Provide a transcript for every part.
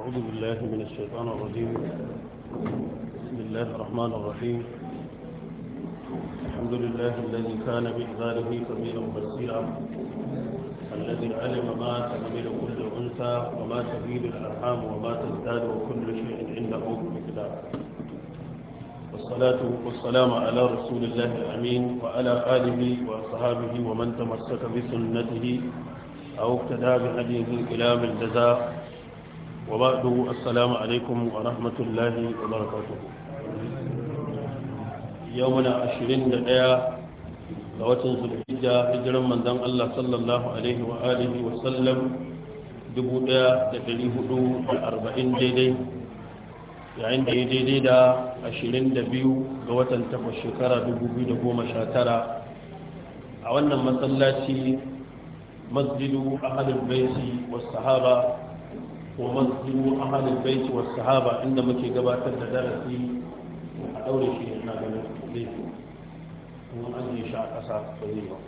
أعوذ بالله من الشيطان الرجيم بسم الله الرحمن الرحيم الحمد لله الذي كان بإذاره كبيرا بسيرا الذي علم ما تعمل كل أنثى وما تزيد الأرحام وما تزداد وكل شيء عنده بمقدار والصلاة والسلام على رسول الله الأمين وعلى آله وصحابه ومن تمسك بسنته أو اقتدى بهديه إلى من وبعد السلام عليكم ورحمة الله وبركاته يومنا عشرين دقيقة لوتن ذو الحجة هجرا من دم الله صلى الله عليه وآله وسلم دبو دقيقة دقليه دو أربعين دقيقة yayin da ya daidai da 22 ga watan takwas shekara 2019 a wannan matsalaci masjidu ahalin baisi wasu sahaba wa mazhabu ahlul bait wa sahaba inda muke gabatar da darasi a daure shi yana da lafi kuma an yi sha kasa da yawa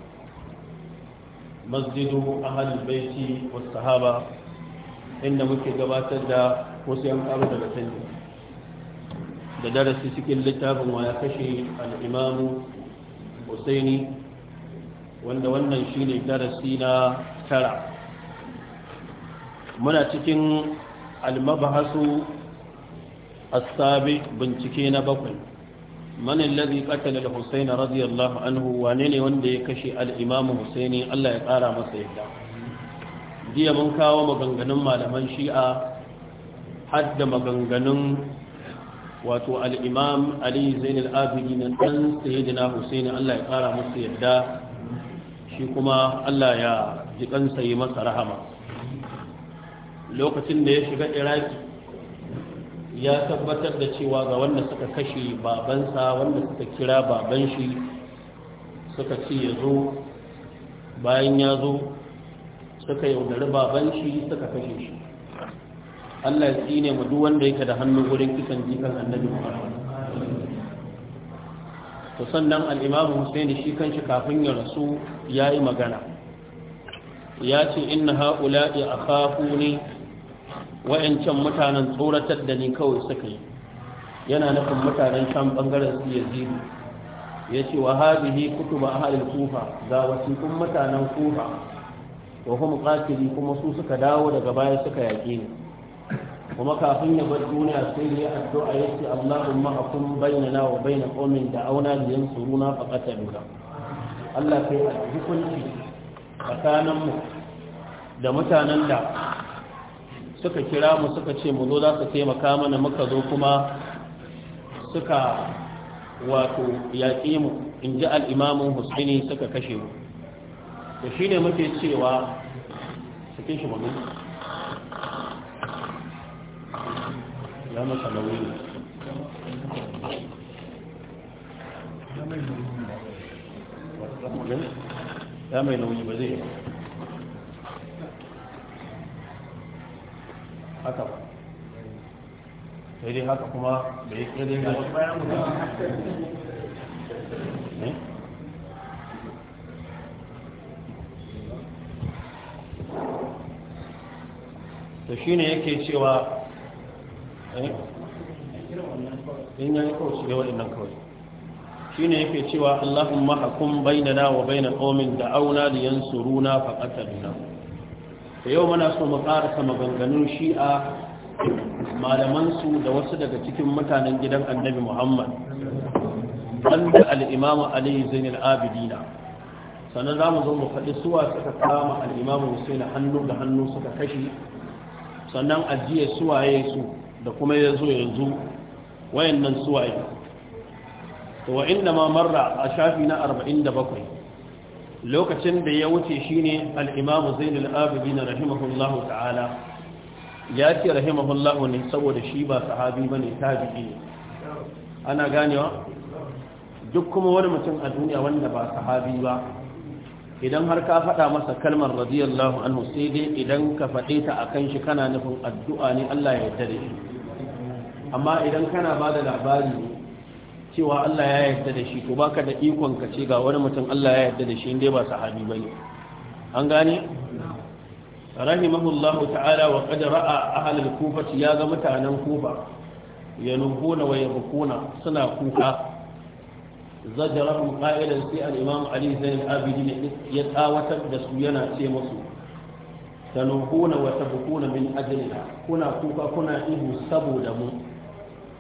masjidu ahlul bait wa sahaba inda muke gabatar da wasu yan karo daga sanin da darasi cikin littafin wa ya kashe al-imam husaini wanda wannan shine darasi na tara muna cikin almabahasu asabi bincike na bakwai man alladhi qatala al-husayn radiyallahu anhu wane ne wanda ya kashe al-imam husaini Allah ya kara masa yadda jiya mun kawo maganganun malaman shi'a hadda maganganun wato al-imam ali zain al-abidin dan sayyidina husaini Allah ya kara masa yadda shi kuma Allah ya ji kansa yi masa rahama lokacin da ya shiga iraki ya tabbatar da cewa ga wanda suka kashe babansa wanda suka kira baban shi suka ce ya zo bayan ya zo suka yaudari baban shi suka kashe shi Allah ya tsine mu duk wanda yake da hannu wurin kisan jikan annabi Muhammad to sannan al'imamu imam Husaini shi kanshi kafin ya rasu ya yi magana ya ce inna ha'ula'i ne. wa'ancan mutanen tsoratar da ni kawai suka yi yana nufin mutanen shan bangaren su yazidu ya ce wa hadihi kutuba ahalil kufa ga wasiƙun mutanen kufa wa kuma qatili kuma su suka dawo daga baya suka yaƙi ni kuma kafin ya bar duniya sai ya addu'a ya ce Allahumma akum bainana wa bain qaumin da'awna li yansuruna faqataluna Allah kai hukunci tsakanin da mutanen da suka kira mu suka ce mu zo za su taimaka mana muka zo kuma suka wato yaƙi mu in ji al'imamun husaini suka kashe mu da shi ne muke cewa suke shi mamu ya masa nauyi ya mai nauyi ba zai yi ba haka ba sai dai haka kuma da ya kira da wasu bayan guda to shine yake cewa eh? in ya yi kawai shiga waɗannan kawai shi ne yake cewa allahumma hakum bainana wa bayyana da auna da yansu runa faƙasar nan da yau muna so mu ƙarasa maganganun shi'a malamansu da wasu daga cikin mutanen gidan annabi muhammad wanda al'imamu aliyu zainul abidina sannan za mu zo mu faɗi suwa suka kama al'imamu husaini hannu da hannu suka kashe sannan ajiye suwaye su da kuma ya zo yanzu wayannan suwaye to wa inda ma marra a shafi na 47 lokacin da ya wuce shine al-imam zainul na rahimahullahu ta'ala ya ce rahimahullahu ne saboda shi ba sahabi ne, tabi'i ne ana ganewa duk kuma wani mutum a duniya wanda ba sahabi ba idan har ka faɗa masa kalmar radiyallahu anhu sai dai idan ka faɗe ta kan shi kana nufin addu'a ne Allah ya yarda da shi amma idan kana ba da labari cewa Allah ya yarda da shi to baka da ikon ka ce ga wani mutum Allah ya yarda da shi inda ba sahabi bane an gane rahimahullahu ta'ala wa qad ra'a ahl al-kufa ya ga mutanen kufa yanuhuna wa yabkuna suna kuka zajarahum qa'ilan sai al-imam ali zain al-abidin ya tsawatar da su yana ce musu tanuhuna wa tabkuna min ajliha kuna kuka kuna ihu saboda mu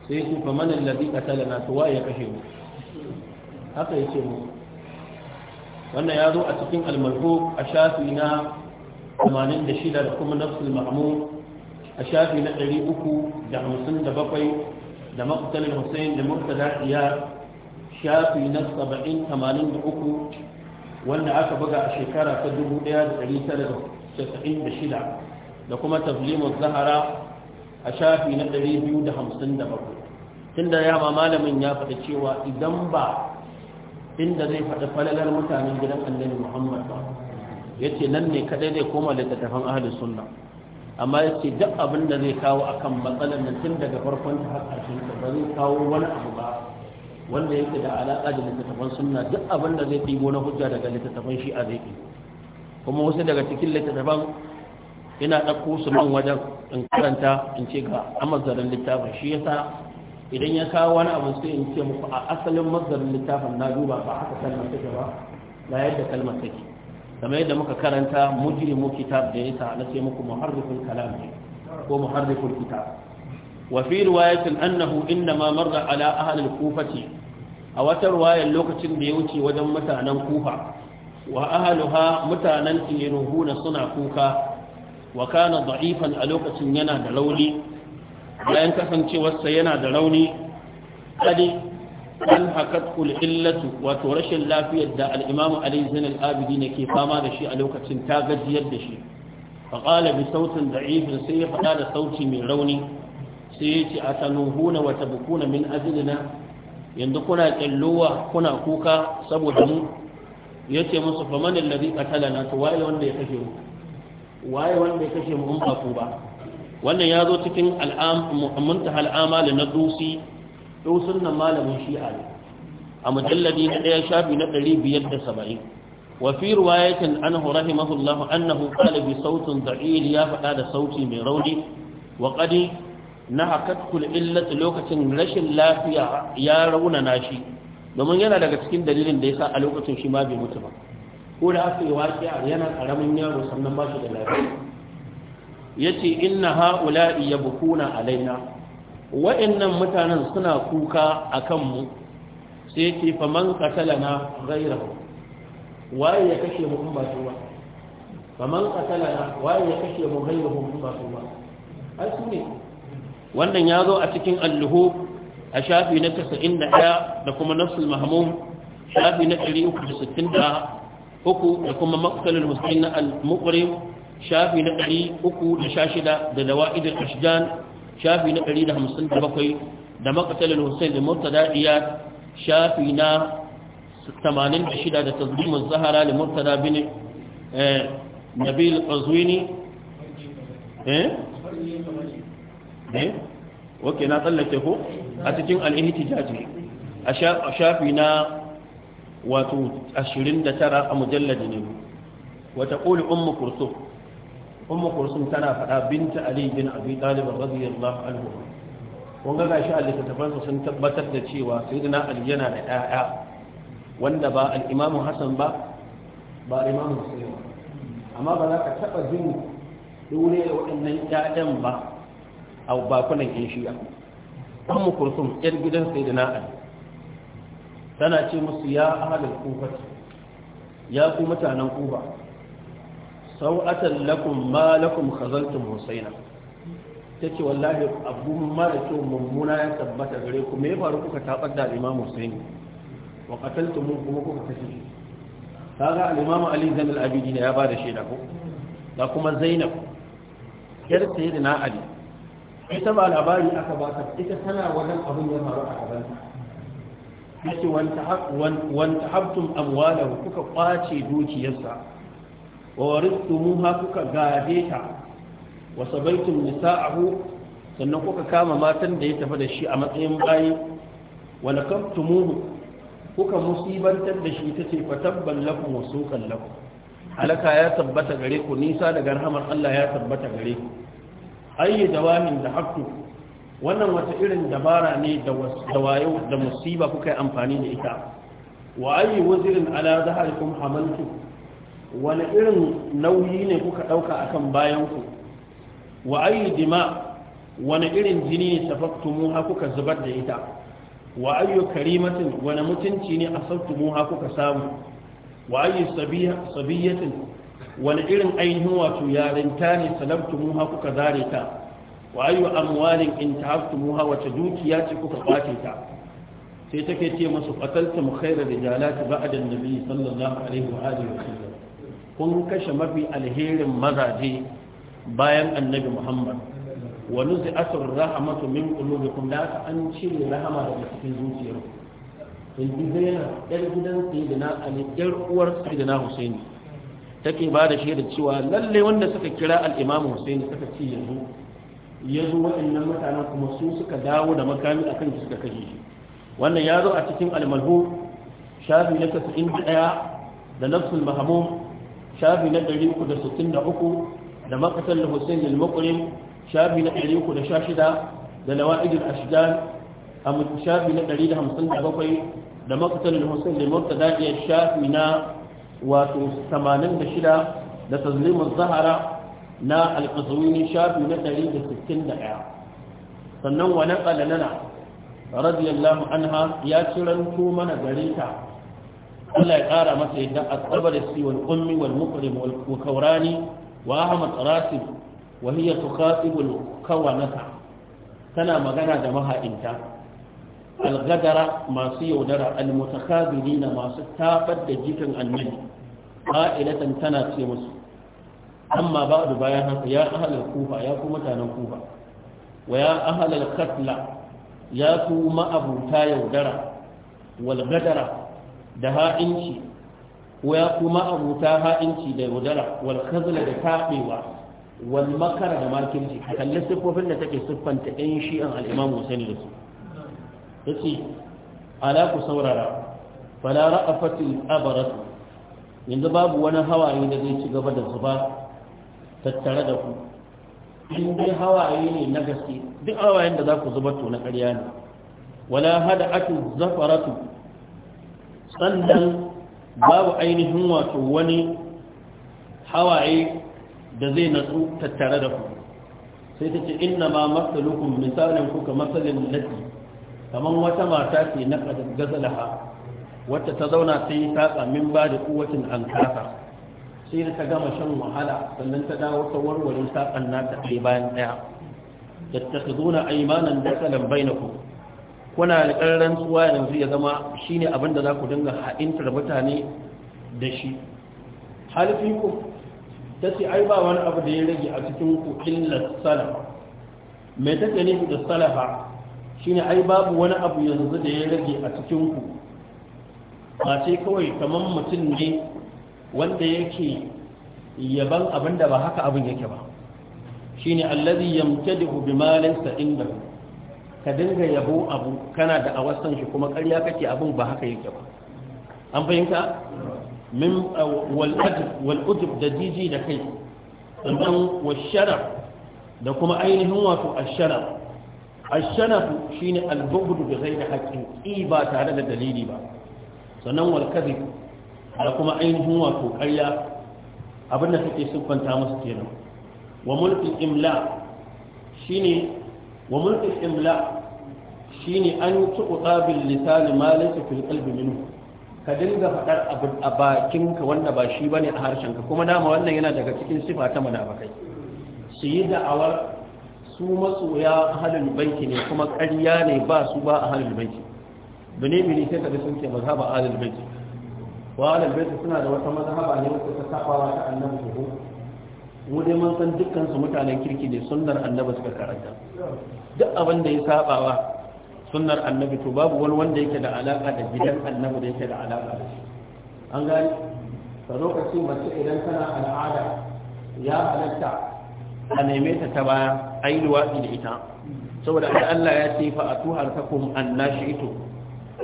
sai su fa manan ladhi qatalana to waye ya kashe mu haka yace mu wannan ya zo a cikin al a shafi na 86 da kuma nafsul mahmud a shafi na 357 da maqtal al-husayn da murtada ya shafi na 70 83 wanda aka buga a shekara ta 1996 da kuma tazlimul zahara a shafi na 257 tunda ya malamin ya faɗi cewa idan ba inda zai faɗi falalar mutanen gidan annabi muhammad ba ya ce nan ne kaɗai zai koma littattafan ahalin sunna amma ya ce duk abin da zai kawo akan matsalar nan tun daga farkon ta har ƙarshen ta ba zai kawo wani abu ba wanda yake da alaƙa da littattafan sunna duk abin da zai ɗigo na hujja daga littattafan shi'a zai ɗigo kuma wasu daga cikin littattafan ina ɗauko su man wajen in karanta in ce ga a mazarin littafin shi yasa idan ya kawo wani abu sai in ce muku a asalin mazarin littafin na duba ba haka kalmar take ba ga yadda kalmar take kamar yadda muka karanta mujrimu kitab da yasa na ce muku muharrifin kalam ne ko muharrifin kitab wa fi riwayatin annahu innama marra ala ahli al-kufati a wata riwayar lokacin da ya wuce wajen mutanen kufa wa ahaluha mutanen tinuhuna suna kuka wa kana da'ifan a lokacin yana da rauni bayan kasancewarsa yana da rauni kadi an hakat illatu wato rashin lafiyar da al'imamu ali zain abidi ne ke fama da shi a lokacin ta gajiyar da shi faƙala bi sautin da'ifin sai ya faɗa da sauti mai rauni sai ya ce a tanuhuna wata bukuna min ajilina yanzu kuna kyallowa kuna kuka saboda mu masu ce musu famanin ladi ƙatala na tuwaye wanda ya kashe mu waye wanda ya kashe mu ba ba wannan ya zo cikin muntaha al'amali na dusi dusun nan malamin shi'a ne a mujalladi na ɗaya shafi na ɗari biyar da saba'in wa fi riwayatin anhu rahimahullahu annahu qala bi sautin da'il ya faɗa da sauti mai rauni wa na hakatkul illata lokacin rashin lafiya ya raunana shi domin yana daga cikin dalilin da yasa a lokacin shi ma bai mutu ba ko da aka yi waƙiya yana ƙaramin yaro sannan ba shi da lafiya ya ce inna ha'ula'i ya bukuna alaina wa'annan mutanen suna kuka a kanmu sai ce ya ce faman katalana gairahu waye ya kashe mu in ba su ba faman na waye ya kashe mu gairahu in ba su ba ai su ne wannan ya zo a cikin alluhu a shafi na 91 da kuma nafsul mahmum shafi na 360 uku da kuma maqtalul muslim na al-muqrim shafi na ɗari uku da sha shida da dawa'idul ashjan shafi na ɗari da hamsin da bakwai da maqtalul husayn da murtada iyad shafi na tamanin da shida da tazlimul zahara da murtada bin eh, nabil azwini eh eh wake na tsallake ko a cikin al-ihtijaj a shafi na wato 29 a mujallar ne wata ƙoli ummu kursum ummu kursum tana faɗa binta ali bin abi talib radiyallahu anhu kun ga gashi a littattafansa sun tabbatar da cewa sayyidina ali yana da ɗaya wanda ba al-imamu hasan ba ba al-imamu husayn amma ba za ka taɓa jin dure da waɗannan ƴaƴan ba a bakunan ƴan shi'a ummu kursum ƴar gidan sayyidina ali tana ce musu ya ahalin kufa ya ku mutanen kufa sau'atan lakum ma lakum khazaltum husaina tace wallahi ma mara kyau mummuna ya tabbata gare ku me faru kuka tabar da imam husaini wa qataltum kuma kuka kashe kaga al-imam ali zain al-abidin ya bada shaida ko da kuma zainab yar sayyidina ali ita ba labari aka ba ta ita tana wajen abun ya faru a gaban ta yace wanta habtum amwalahu kuka kwace dukiyarsa wa waristumuha kuka gade ta wa sabaitum nisa'ahu sannan kuka kama matan da ya tafi da shi a matsayin bayi wa lakabtumuhu kuka musibantar da shi tace fa tabban lakum wa suqan lakum halaka ya tabbata gare ku nisa daga rahmar Allah ya tabbata gare ku ayyi dawamin da haktu wannan wata irin dabara ne da wayo da musiba kuka yi amfani da ita wa ayi wazirin ala zaharikum hamaltu wani irin nauyi ne kuka dauka akan bayan ku wa ayi dima wani irin jini ne tafaktumu mu kuka zubar da ita wa ayi karimatin wani mutunci ne a asabtumu mu kuka samu wa ayi sabiyatin wani irin ainihin wato yarinta ne salabtumu mu kuka zare ta wa ayu amwalin in tahaftumuha wace dukiya ce kuka kwace ta sai take ce masu qataltum khayra rijalati ba'da an-nabi sallallahu alaihi wa alihi wa kun kashe mafi alherin mazaje bayan annabi Muhammad wa nuzi'at ar-rahmatu min qulubikum la an cire rahama daga cikin zuciyarku yanzu zainab yar gidan sayyidina ali yar uwar sayyidina husaini take ba da shaida cewa lalle wanda suka kira al-imam husaini suka ci yanzu ya zo waɗannan mutanen kuma su suka dawo da makami a kan suka kashe shi wannan ya zo a cikin almalhu shafi na tasa'in da ɗaya da nafsul mahamum shafi na ɗari uku da sittin da uku da makasar da hussein al-muqrim shafi na ɗari uku da sha shida da nawa'idul ashjan a shafi na ɗari da hamsin da bakwai da makasar da hussein al-murtada shafi na wato 86 da tazlimin zahara na alƙasaruni shafi na 161 sannan wa naƙala nana radiyallahu anha ya ciranto mana gare ta Allah ya ƙara masa yadda a tsabar si wal ummi wal mukrim wal kaurani wa ahmad rasib wa hiya tuqatibul kawanata tana magana da maha'inta algadara masu yaudara almutakabirina masu tabar da jikin annabi qa'ilatan tana ce musu amma ba da bayan haka ya ahalar kufa ya ku mutanen kufa wa ya ahalar katla ya ku ma'abuta yaudara walgadara da ha'inci wa ya ku ma'abuta ha'inci da yaudara walkazla da taɓewa walmakara da makirci a kalli siffofin da take siffanta ɗan shi'an al'imamu sani da su ya ce ala ku saurara fala ra'afatin abaratu yanzu babu wani hawaye da zai ci gaba da zuba tattare da ku in hawaye ne na gaske duk hawayen da za ku zubar to na ƙarya ne wala hada ake zafaratu sannan babu ainihin wato wani hawaye da zai natsu tattare da ku sai ta ce inna ma matsalukun misalin kuka ka matsalin lati kamar wata mata ce na gazalaha wacce ta zauna sai ta tsamin ba da kuwacin an kasa sai da ta gama shan wahala sannan ta dawo ta warware sakan nata kai bayan ɗaya da ta zuna aimanan dakalan bainaku kuna da ƙararren tsuwa yanzu ya zama shi ne abin da za ku dinga haɗintar mutane da shi halifinku ta ce ai ba wani abu da ya rage a cikin ku illa salafa mai take nufi da salaha shine ai babu wani abu yanzu da ya rage a cikin ku ba sai kawai kamar mutum ne wanda yake yaban abin da ba haka abin yake ba shi shine allazi yamtadihu bima laysa inda ka dinga yabo abu kana da awasan shi kuma ƙarya kake abin ba haka yake ba an fahimta min uh, wal adab udub da jiji da kai sannan washaraf da kuma ainihin wato asharaf asharaf shine al-bughd bi ghairi haqqin ba tare da dalili ba sannan wal kadhib da kuma ainihin wato ƙarya abinda suke siffanta musu kenan wa mulkin imla shine wa mulkin imla shine an tuqa bil lisan ma laysa fil qalbi minhu ka dinga faɗar abu a bakinka wanda ba shi bane a harshen ka, kuma dama wannan yana daga cikin sifa ta munafikai su yi da'awar su masoya halin banki ne kuma ƙarya ne ba su ba a halin banki bane bane sai ka ga sun ke mazhaba halin banki wa alal suna da wata mazhaba ne wacce ta saba ta annabi ko mu dai mun san dukkan su mutanen kirki ne sunnar annabi suka karanta duk abin da ya wa sunnar annabi to babu wani wanda yake da alaka da gidan annabi da yake da alaka da shi an gani ka zo ka ce mace idan tana al'ada ya halatta a neme ta ta baya ai luwaɗi da ita saboda Allah ya ce fa atuhar takum ito.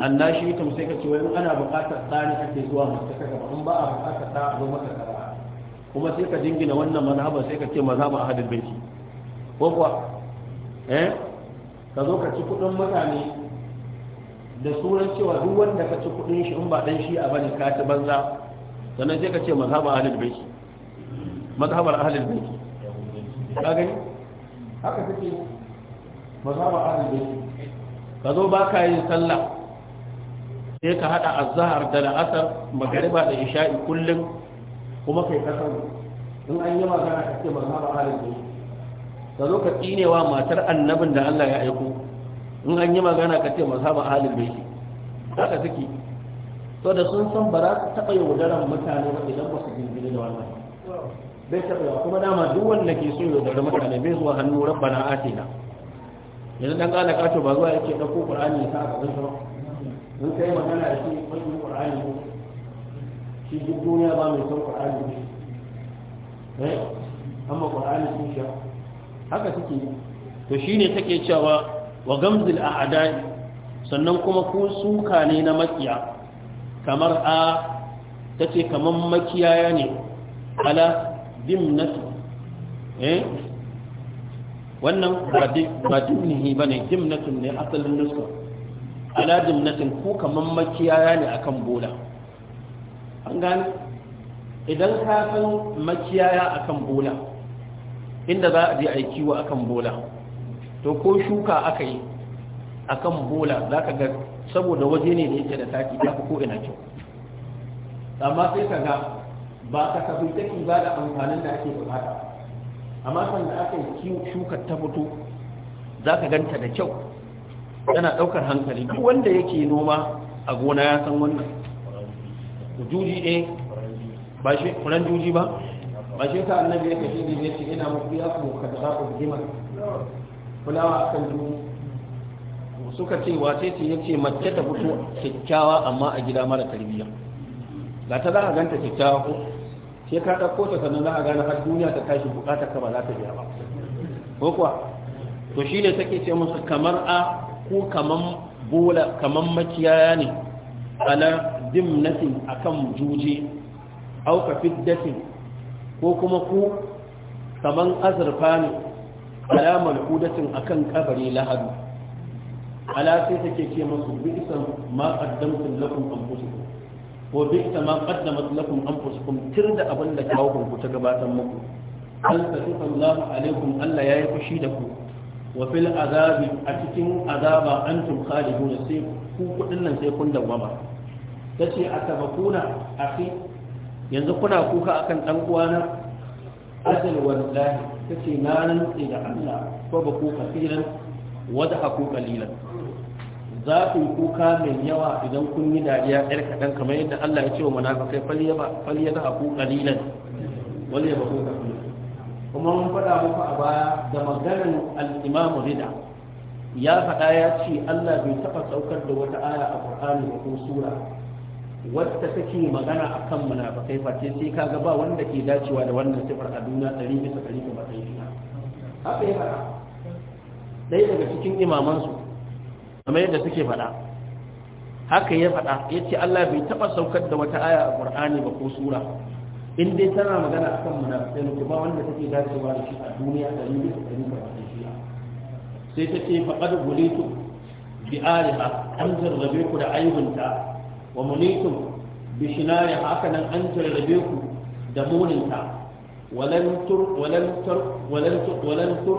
annashi mutum sai ka ce wani ana buƙatar tsari ake zuwa masu ta gaba in ba a buƙatar ta a zo maka kaza kuma sai ka dingina wannan mazhaban sai ka ce mazhaban ahadul baiti ko kuwa eh ka zo ka ci kuɗin mutane da sunan cewa duk wanda ka ci kuɗin shi in ba dan shi a bane ka ci banza sannan sai ka ce mazhaban ahadul baiti mazhaban ahadul baiti ka gani haka take mazhaban ahadul baiti ka zo ba ka yin sallah sai ka hada azhar da la'asar magariba da isha'i kullum kuma kai kasar in an yi magana ka ce ba halin ne da zo ka tsinewa matar annabin da Allah ya aiko in an yi magana ka ce mazhaba halin bai haka take to da sun san ba za su taɓa yaudaran mutane ba idan ba su jirgin da wannan bai taɓa yawa kuma dama duk wanda ke so yaudarar mutane bai zuwa hannu rabbana atina yanzu dan kana kace ba zuwa yake ɗauko ƙur'ani ya sa a ƙasar ba in kai magana da shi mafi ƙur'ani ko shi duk duniya ba mai son ƙur'ani ne eh, amma ƙur'ani sun sha haka suke to shi ne take cewa wa gamzil a adai sannan kuma ko suka ne na makiya kamar a ta ce kamar makiyaya ne ala dimnatu eh wannan ba dimnihi ba ne dimnatun ne asalin nuska ala jimnatin ko kaman makiyaya ne akan bola an gane idan ka san makiyaya akan bola inda za a je a yi kiwo akan bola to ko shuka aka yi akan bola za ka ga saboda waje ne da yake da taki ta ko ina kyau amma sai ka ga ba ka kafin take ba da amfanin da ake bukata amma sanda aka yi shuka ta fito za ka ganta da kyau yana ɗaukar hankali duk wanda yake noma a gona ya san wannan juji ne eh, ba shi kuran juji ba ba shi ta annabi ya kashe ne shi ina muku ya ku ka da ku gima kulawa kan juji suka ce wace ce yace mace ta fito kyakkyawa amma a gida mara tarbiyya ga ta za a ganta kyakkyawa ko sai ka ɗauko ta sannan za a gane har duniya ta tashi bukatar ka ba za ta biya ba ko kuwa to shi ne take ce musu kamar a ko kaman bola kaman makiyaya ne ala dimnatin akan juje au ka fiddatin ko kuma ku kaman azurfa ne ala kudatin akan kabari lahadu ala sai take ce masu bisan ma qaddamtum lakum anfusukum ko bi'sa ma qaddamat lakum anfusukum tirda abin da kawo ku ta gabatar muku al tasifallahu alaikum Allah yayi fushi da ku wa fil azabi a cikin azaba antum khalidun sai ku kudin nan sai kun dawama tace atabakuna akhi yanzu kuna kuka akan dan uwana ajal wallahi tace na nan sai da Allah ko ba ku kasiran wada haku kalilan za ku kuka mai yawa idan kun yi dariya ɗar kaɗan kamar yadda Allah ya ce wa munafikai fal ya ba fal ya haku kalilan wal ya ku kasiran kuma mun faɗa muku a baya da maganin al-imam rida ya faɗa ya ce Allah bai taɓa saukar da wata aya a Qur'ani da ko sura wadda take magana a akan munafikai ce sai kaga ba wanda ke dacewa da wannan sifar a duniya ɗari bisa ɗari ga matsayin haka ya faɗa ɗaya daga cikin imamansu kamar yadda suke faɗa haka ya faɗa ya ce Allah bai taɓa saukar da wata aya a Qur'ani ba ko sura in dai tana magana akan munafikai ba wanda take dacewa da shi a duniya da ni da ni ba shi sai ta ce faqad gulitu bi aliha an jarrabe ku da aibunta wa munitum bi shinari haka nan an jarrabe ku da muninta ولن تر ولن تر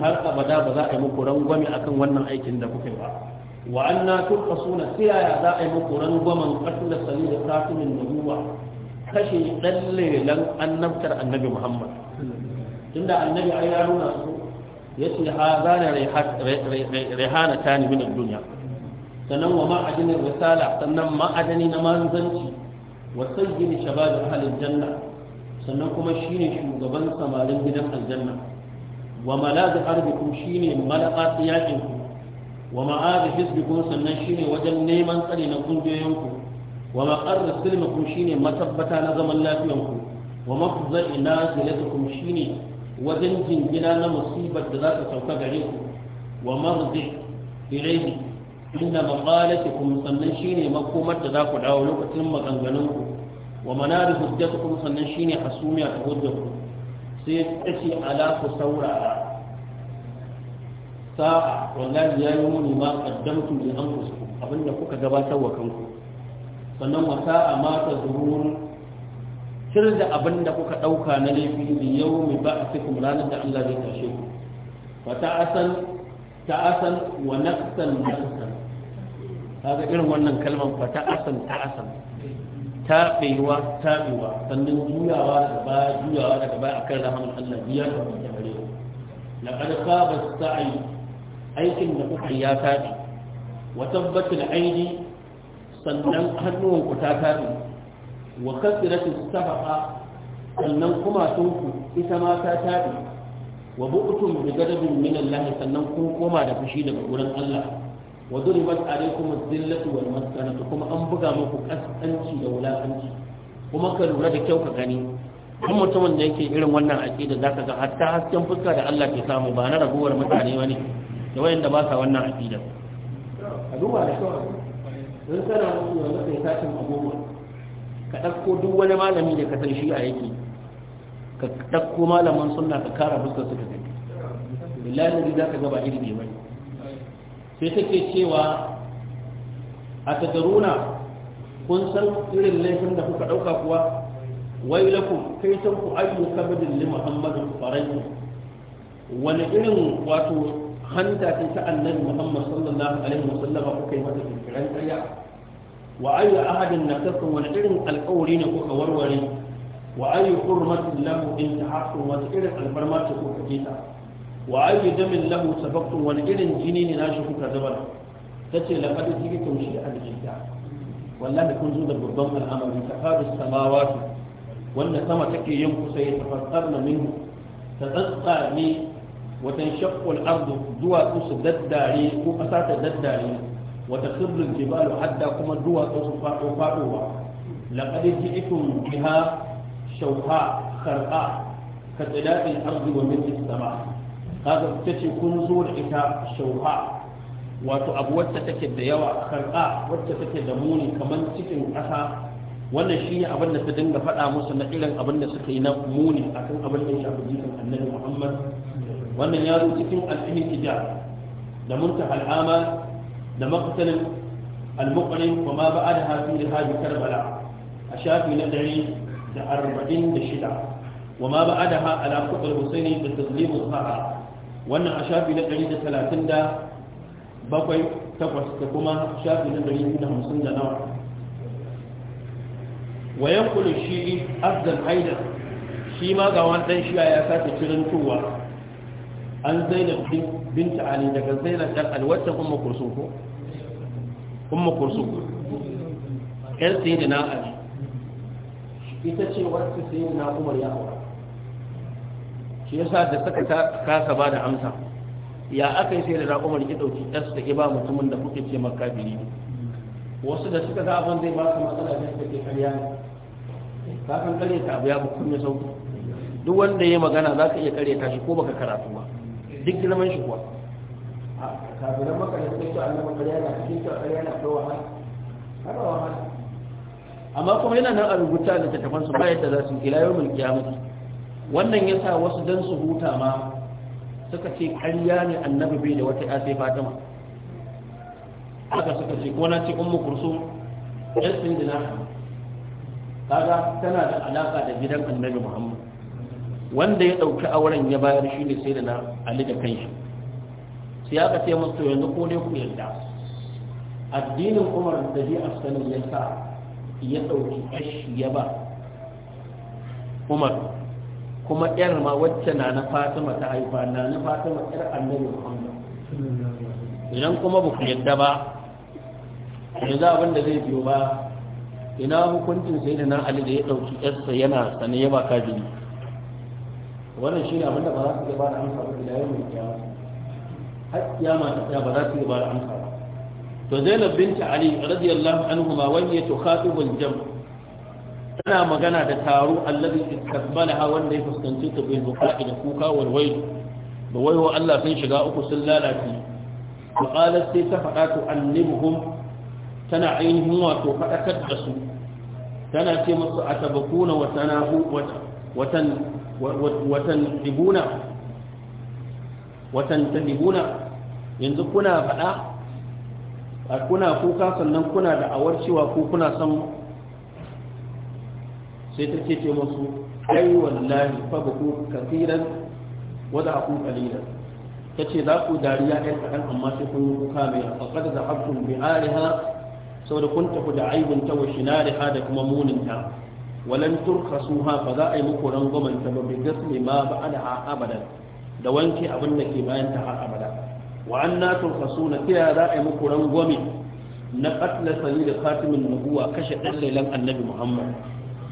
har abada ba za a yi muku rangwame akan wannan aikin da kuka yi ba wa anna suna sai ya za a yi muku rangwamen da sani da katumin nubuwa kashe dan lelan annabtar annabi muhammad tunda annabi ai ya nuna su yace hazana rihana tani min ad sannan wa ma'adinin risala sannan ma'adani na manzanci wa sayyin shabab halin janna sannan kuma ne shugaban samarin gidan aljanna wa malad shi shine malaqat yakin ku wa ma'azi hisbikum sannan shine wajen neman tsari na kungiyoyinku wa maqarr silmikum shine matabbata na zaman lafiyanku wa mafzai nazilatukum shine wajen jingina na musibar da za ta sauka gare ku wa marzi ilaihi inna maqalatukum sannan shine makomar da za ku dawo lokacin maganganun maganganunku wa manar hujjatukum sannan shine hasumiya ta ku. sai ta ce ala ku saurara sa'a wallahi ya yi muni ma kaddamtu li anfusikum abinda kuka gabatar wa kanku sannan wa sa'a ma tazurun sir da abinda kuka dauka na laifi li yawmi ba'athikum ranar da Allah zai tashe ku fa ta'asan ta'asan wa naqsan naqsan kaga irin wannan kalmar fa ta'asan ta'asan taɓewa taɓewa sannan juyawa da baya juyawa daga baya akan rahaman Allah biyar da mutum gare لقد خاب السعي aikin da kuka ya tafi wa tabbatul aidi sannan hannuwan ku ta tafi wa kasiratu sabaqa sannan kuma sun ku ita ma ta tafi wa bu'tum bi gadabin min Allah sannan kun koma da fushi daga wurin Allah wa duribat alaykum adh-dhillatu wal maskanatu kuma an buga muku kasanci da wulakanci kuma ka lura da kyau ka gani kuma mutumin da yake irin wannan aqida zaka ga hatta hasken fuska da Allah ke samu ba na raguwar mutane ne. da da ba sa wannan aqida a duba da shawara don kana musu da kai tashin abubuwa ka ɗauko duk wani malami da ka san shi a yake ka ɗauko malaman sunna ka kara fuskar su ka kai billahi ne za ka gaba iri ne bane sai take cewa a tagaruna kun san irin laifin da kuka ɗauka kuwa wai lakum kai san ku ayyuka bidin li muhammadin faraiku wani irin wato hanta ce ta annabi muhammad sallallahu alaihi wasallama kuka yi mata kirkiran ƙarya wa ayu ahadin na kasan wani irin alƙawari ne ko ka warware wa ayu hurmatin lahu in ta hasu wani irin alfarma ce kuka keta wa ayu damin lahu sabaktun wani irin jini ne na nashi kuka zubar ta ce laƙadu jiki kun shi aljinta wallahi kun zo da babban al'amari ta fadu samawatu wanda sama take yin kusa ya tafassar na minhu ta tsatsa ne watan shaqqul ardu duwatsu su daddare ko kasa ta daddare wata sirrin jibalu hadda kuma duwatsu su faɗo faɗowa laqad ji'tum biha shawha kharqa ka tsidaɗin arzi wa min sama kaga ce kun zo da ita shauha wato abu wacce take da yawa karɓa wacce take da muni kamar cikin ƙasa wannan shi ne abin da ta dinga faɗa musu na irin abin da suka yi na muni akan abin da ya shafi jikin annabi muhammad wannan ya zo cikin alfihin hijab da munta al'ama da maqtalin al-muqrin wa ma ba'ada hafi da haji karbala a shafi na ɗari da arba'in da shida wa ma da ha ala kutul husaini da tazlimu sa'a wannan a shafi na ɗari da talatin da bakwai takwas da kuma shafi na ɗari da hamsin da nawa wa yankulu shi afzal haidar shi ma ga wani dan shiya ya sake cirin tuwa an zainab binta ali daga zainab dan alwata umma kursun ko umma kursun yar sayyidina ali ita ce wacce sayyidina umar ya aura shi yasa da saka ta kasa ba da amsa ya aka yi sai da umar ki dauki tas da iba mutumin da kuke ce makabiri wasu da suka ga abin zai ba su matsala da suka ke karya ka kan kare ta abu ya fi kunya sauki duk wanda ya magana za ka iya kare ta shi ko baka karatu ba duk girman shi kuwa kafinan maka sai suka ce annabi ƙarya na cikin ta ƙarya na kai wahala har wahala amma kuma yana nan a rubuta da tattafansu ba yadda za su ila yau mulki wannan ya sa wasu don su huta ma suka ce ƙarya ne annabi bai da wata yasai fatima haka suka ce kuma na ce ummu kursu yan jina kaga tana da alaka da gidan annabi muhammad wanda ya ɗauki auren ya bayar shi ne sai da na ali da kanshi sai aka ce masu yanzu ko ne ku yarda addinin umar da bi afsanin ya sa ya ɗauki ash ya ba umar kuma yar ma wacce na na fatima ta haifa na na fatima yar annabi muhammad idan kuma ba ku yarda ba yanzu abin da zai biyo ba ina hukuncin sai da na ali da ya ɗauki yarsa yana sane ya ba kajini wannan shi ne abinda ba za su iya ba da amsa ba ila yau mai kiyama har kiyama ta tsaya ba za su iya ba da amsa ba to zainab binti ali radiyallahu anhu ma wani ya tukhatibu al-jam tana magana da taro allazi istakbalaha wanda ya fuskanci ta bil buqa'i da kuka wal wailu da waiwa Allah sun shiga uku sun lalace to qalat sai ta faɗa to annibuhum tana ainihin wato faɗakar da su tana ce musu atabakuna wa tanahu wa watan watan watan tadibuna yanzu kuna faɗa kuna kuka sannan kuna da awar cewa ku kuna son sai take ce masu ai wallahi fa baku kafiran wada aku qalilan ta ce za ku dariya ɗaya kaɗan amma sai kun yi kuka mai faƙar da abdun bi'ariha sau da kun tafi da aibin ta wa shinariha da kuma muninta walan turkhasuha ba za a yi muku rangwamen ta ba bi gasli ma ba'daha abadan da wanke abin da ke bayan ta har abada wa anna turkhasuna ta za a yi muku rangwame na qatla sayyid khatimin nubuwa kashe dan lailan annabi muhammad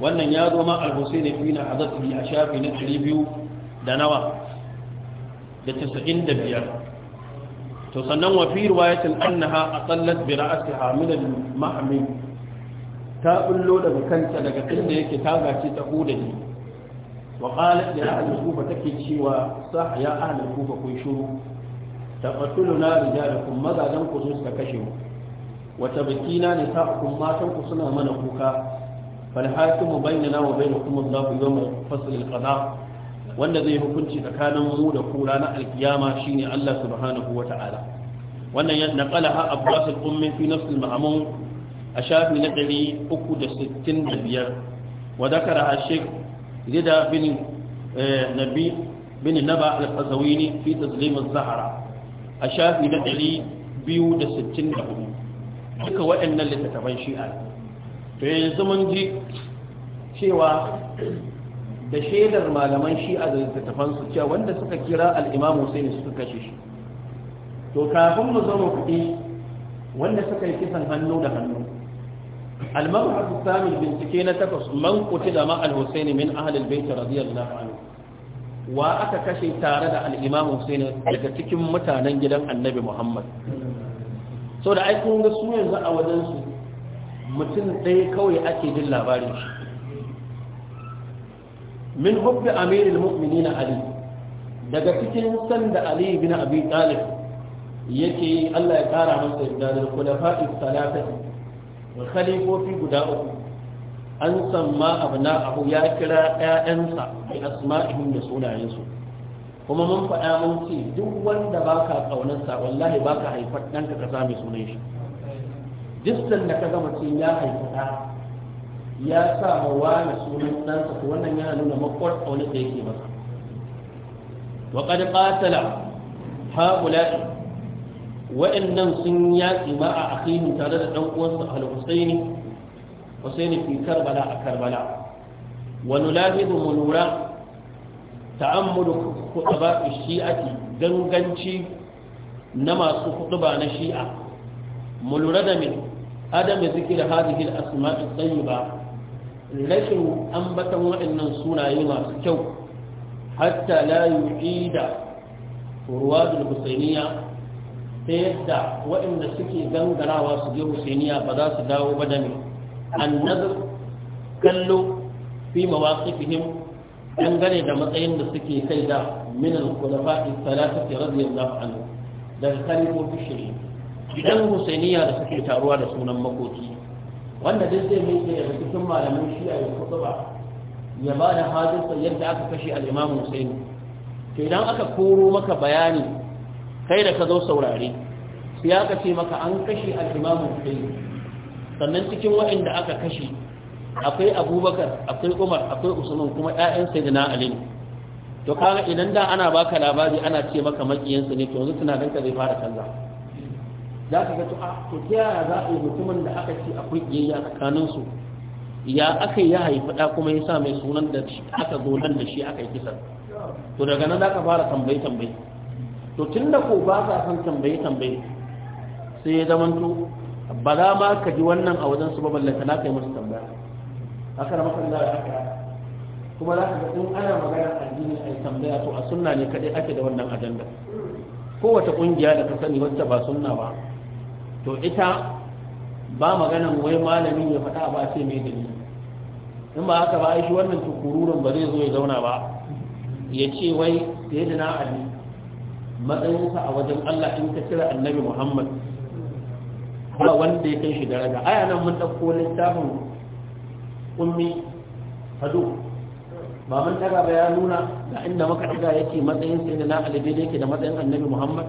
wannan ya zo ma al-husaini fi na azati a shafi na 200 da nawa da 95 to sannan wa ya riwayatin annaha aqallat bi ra'siha min al-mahmi ta bullo daga kanta daga inda yake ta gaci ta huda ne wa qalat ya ahli kufa take cewa sa ya ahli kufa kun shuru taqatuluna rijalakum mazajan ku suka kashe mu wa tabkina ne matan ku suna mana kuka fal hakimu bainana wa bainakum Allahu yawmal fasl al qada wanda zai hukunci tsakanin mu da ku ranar alkiyama shine Allah subhanahu wa ta'ala wannan ya naqalaha Abbas al-Ummi fi nafs al-Ma'mun a shafi na ɗari uku da sittin da biyar wa zakara a shek zida eh, naba al-qazawini fi tazlim az a na biyu da sittin da hudu duka waɗannan littattafan shi'a to yanzu mun ji cewa da shaidar malaman shi'a da littattafan su cewa wanda suka kira al-imam Hussein suka kashe shi to kafin mu zama kuɗi wanda suka yi kisan hannu da hannu المبحث الثامن بنتكي نتكس من قتل مع الحسين من أهل البيت رضي الله عنه وأككشي تارد الإمام حسين لكتكم متى ننجل النبي محمد sau da aikun ga su yanzu a wajensu mutum ɗaya kawai ake jin labarin shi min hubbi amirul mu'minin ali daga cikin sanda ali bin abi talib yake Allah ya kara masa da khalifofi guda uku an samma abna abu ya kira ƴaƴansa bi asma'ihim da sunayensu kuma mun faɗa mun ce duk wanda baka kaunarsa wallahi baka haifar ɗanka ka mai sunan shi distan da gama mutum ya haifi ɗa ya sa ma wani sunan ɗansa ko wannan yana nuna makwar ƙaunar da yake masa wa qad qatala ha'ula'i wa'annan sun yaƙi ma a akihim tare da ɗan uwansa al-husaini husaini fi karbala a karbala wa nulahidu mu lura ta'ammulu khutaba shi'ati ganganci na masu khutba na shi'a mu lura da min adam zikir hadhihi al-asma'i tayyiba rashin ambatan waɗannan sunaye masu kyau hatta la yu'ida ruwa husainiyya ta yadda waɗanda suke gangarawa su je husainiya ba za su dawo ba da mai annazar kallo fi mawaƙifihim dangane da matsayin da suke kai da minal kulafa istalata ta radiyallahu anhu daga kalifofi shiri idan husainiya da suke taruwa da sunan makoki wanda duk zai mai ke daga cikin malamin shi'a ya kuɗa ba ya ba da halinsa yadda aka kashe al'imamu husaini to idan aka koro maka bayani kai da ka zo saurare su ya ce maka an kashe al-imamu sannan cikin waɗanda aka kashe akwai abubakar akwai umar akwai usman kuma 'ya'yan na ali ne to kaga idan da ana baka labari ana ce maka makiyansa ne to yanzu tana danka zai fara canza za ka ga to a ah, ta yaya za a yi mutumin da aka ce akwai kiyayya tsakanin su ya aka ya haifi da kuma ya sa mai sunan da aka zo nan da shi aka yi kisa? to daga nan za ka fara tambaye tambaye to tun da ko ba sa san tambaye tambaye sai ya zamanto ba za ma ka ji wannan a wajen su ba ballanta na kai musu tambaya haka da makon zara haka kuma za ka ga in ana magana jini a tambaya to a sunna ne kaɗai ake da wannan ajanda kowace ƙungiya da ka sani wacce ba sunna ba to ita ba maganan wai malamin ya faɗa ba sai mai dalili in ba haka ba shi wannan tukururin ba zai zo ya zauna ba ya ce wai sai da na ali matsayinsa a wajen Allah in ka cire annabi Muhammad ba wanda ya kai shi daraja aya nan mun ɗauko littafin ummi hadu ba mun daga ba ya nuna da inda muka daga yake matsayin sai da na alibi da yake da matsayin annabi Muhammad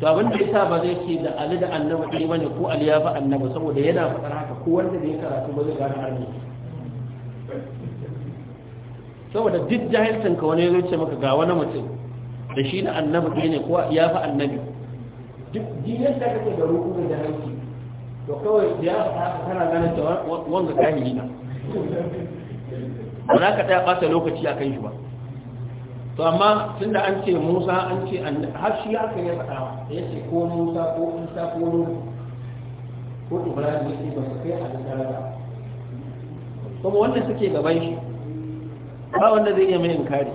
to abin da yasa ba zai ce da ali da annabi ɗaya bane ko ali ya fi annabi saboda yana fadar haka ko wanda da ya karatu ba zai gane harbi saboda duk jahilcin ka wani ya zo ce maka ga wani mutum da shi na annabi ne ko ya fi annabi duk dinin da kake da ruku da hanci to kawai da ya fata kana ganin ta wanga kahiri na ba za ka tsaya ɓata lokaci a kan shi ba to amma tun da an ce musa an ce har shi aka yi faɗa ya ce ko musa ko isa ko nuna ko ibrahim ya ce ba su kai a nasara kuma wanda suke gaban shi ba wanda zai iya mai inkari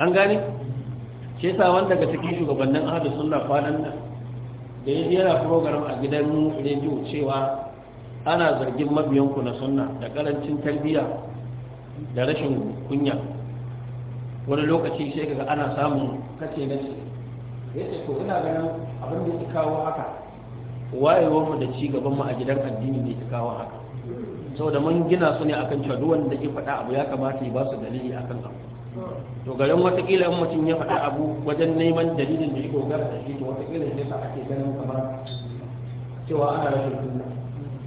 an gane shi yasa wanda daga cikin shugabannin ahadu sunna kwanan nan da ya yana program a gidan rediyo cewa ana zargin mabiyanku na sunna da karancin tarbiyya da rashin kunya wani lokaci sai kaga ana samun kace na ce yace to ina ganin abin da ya kawo haka wayewar mu da ci gaban mu a gidan addini ne ya kawo haka saboda mun gina su ne akan cewa duk wanda ya faɗa abu ya kamata ya ba su dalili akan abu to garin watakila in mutum ya faɗa abu wajen neman dalilin da ya dogara da shi to watakila sai sa ake ganin kamar cewa ana rashin sunna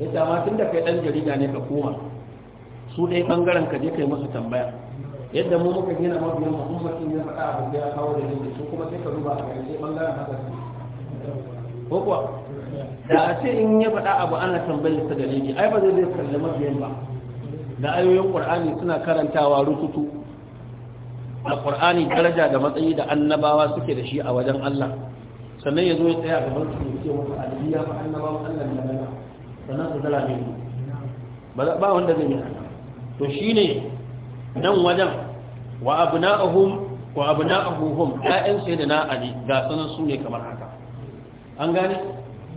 ya ta amma tun da kai ɗan jarida ne ka koma su ɗaya bangaren ka je kai musu tambaya yadda mu muka gina mu mutum ya faɗa abu ya kawo da yin su kuma sai ka duba a gari sai ɓangaren haka ko kuwa da a ce in ya faɗa abu ana tambayar sa dalili ai ba zai zai kalli mabiyan ba da ayoyin qur'ani suna karantawa rukutu alqur'ani daraja da matsayi da annabawa suke da shi a wajen Allah sannan yazo ya tsaya gaban su ya ce wa aliya fa annabawan Allah ne sannan su zala ne ba ba wanda zai yi to shine nan wajen wa abna'uhum wa abna'uhum ya'yan sayyidina ali ga sanan su ne kamar haka an gane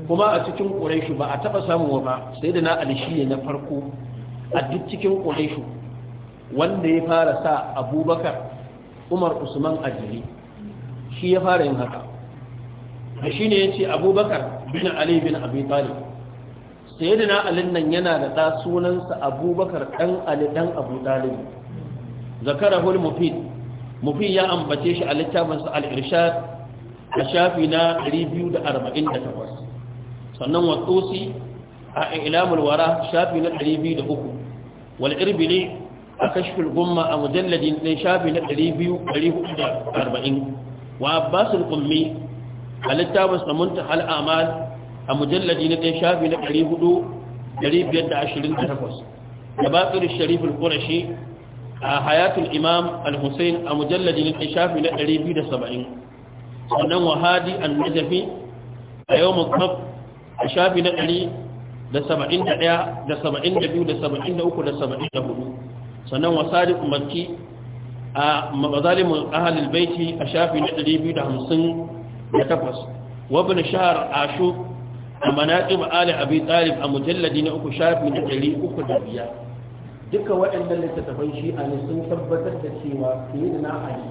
kuma a cikin quraishu ba a taba samu ba sayyidina ali shi ne na farko a duk cikin quraishu wanda ya fara sa abubakar umar usman ajiri shi ya fara yin haka da shi ne ya ce abubakar bin ali bin abi talib sayyidina alin nan yana da ɗa sunansa abubakar ɗan ali ɗan abu talib hul mufid mufid ya ambace shi a littafinsa al a shafi na 248 sannan watsosi a ilamul wara shafi na 203 wal ne. a kashfin gumma a mujalladin ɗin shafi na 240 wa abbasul kummi a littafin samunta al'amal a mujalladin na ɗin shafi na 428 da baƙir sharifin ƙurashi a hayatul imam al-hussein a mujalladin ɗin shafi na 270 sannan wahadi al-najafi a yau makab a shafi na 171 da 72 da 73 da 74 sannan wa sadiq makki a mazalimin ahalil baiti a shafi na 258 wa ibn shahr ashub a manaqib ali abi talib a mujalladi na uku shafi na 305 duka waɗannan littattafan shi'a ne sun tabbatar da cewa fiye sayyidina ali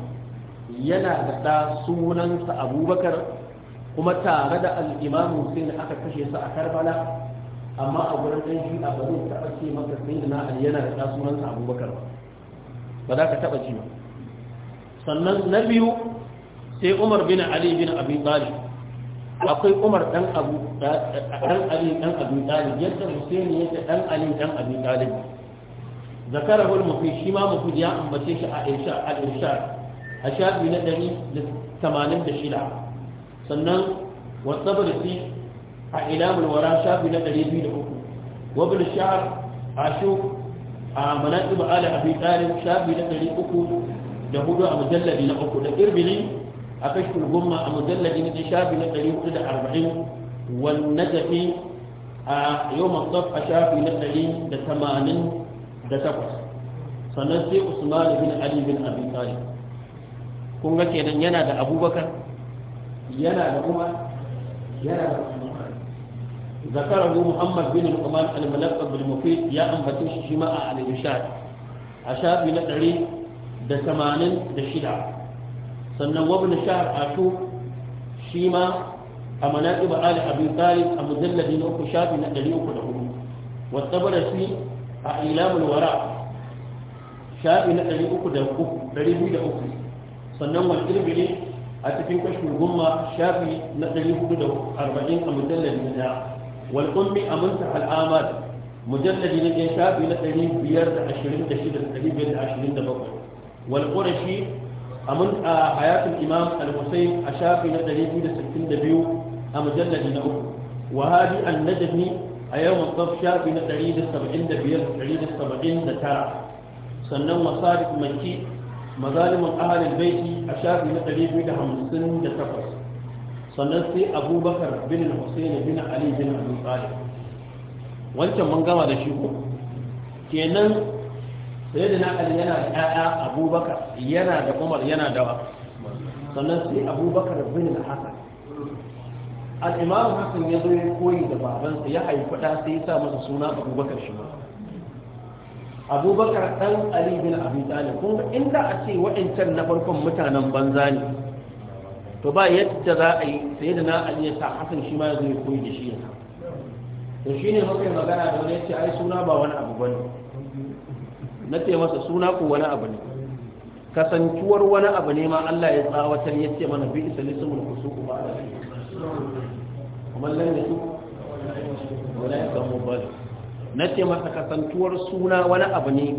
yana da ɗa sunansa abubakar kuma tare da al-imam aka kashe su a karbala amma a gurin ɗan shi a bazin taɓa ce maka sai na ali yana da tasunan abubakar ba ba za ka taɓa ce ba sannan na biyu sai umar bin ali bin abi talib akwai umar dan abu dan ali dan abi talib yadda husaini yake dan ali dan abi talib zakarahu al-mufi shi ma mufi ya ambace shi a insha al-irshad a shafi na 186 sannan shi. a ilamul wara shafi na 203 wabin shahar ashu a manaqib ala abi talib shafi na da hudu a mujalladi na 3 da irbili a kashful gumma a mujalladi na shafi na 440 wan najfi a yawm al-saf a shafi na 188 sannan sai usman bin ali bin abi talib kun ga kenan yana da abubakar yana da umar yana da usman ذكره محمد بن نعمان الملقب بالمفيد يا أم بتوش شماء على الإشاد أشاب من العلي da tamanin da shida sannan wabin shahar ashu a manaƙi ba ali abin talib a mujallabi uku shafi na ɗari uku da hudu wata bada a ilamun wara shafi na ɗari uku da ɗari biyu da uku sannan wani a cikin kashin gumma shafi na ɗari da a mujallabi na wal aminta amanta al amad mujalladi shafi na ɗari biyar da ashirin da shida da ɗari biyar da ashirin da bakwai wal qurashi amanta hayatul imam al husayn a shafi na ɗari biyu da sittin da biyu a mujalladi na uku wa hadi al najmi a yawan tsaf shafi na ɗari da da da baiti a shafi na ɗari da hamsin da takwas sannan sai abubakar bin hussein bin ali bin abi talib wancan mun gama da shi ko kenan sayyidina ali yana da ƴaƴa abubakar yana da umar yana da wa, sannan sai abubakar bin hasan al'imamu hasan ya zo ya koyi da babansa ya haifi ɗa sai ya sa masa suna abubakar shi ma abubakar ɗan ali bin abi talib kuma inda a ce waɗancan na farkon mutanen banza ne to ba yadda za a yi sai da na ali ya sa hakan shi ma ya zai koyi da shi ya sa to shi ne mafi magana da wani ce ai suna ba wani abu bane na ce masa suna ko wani abu ne kasantuwar wani abu ne ma Allah ya tsawatar ya ce mana bi isa lisumul kusuku ba ala kuma su wani wala yakamu bal na ce masa kasantuwar suna wani abu ne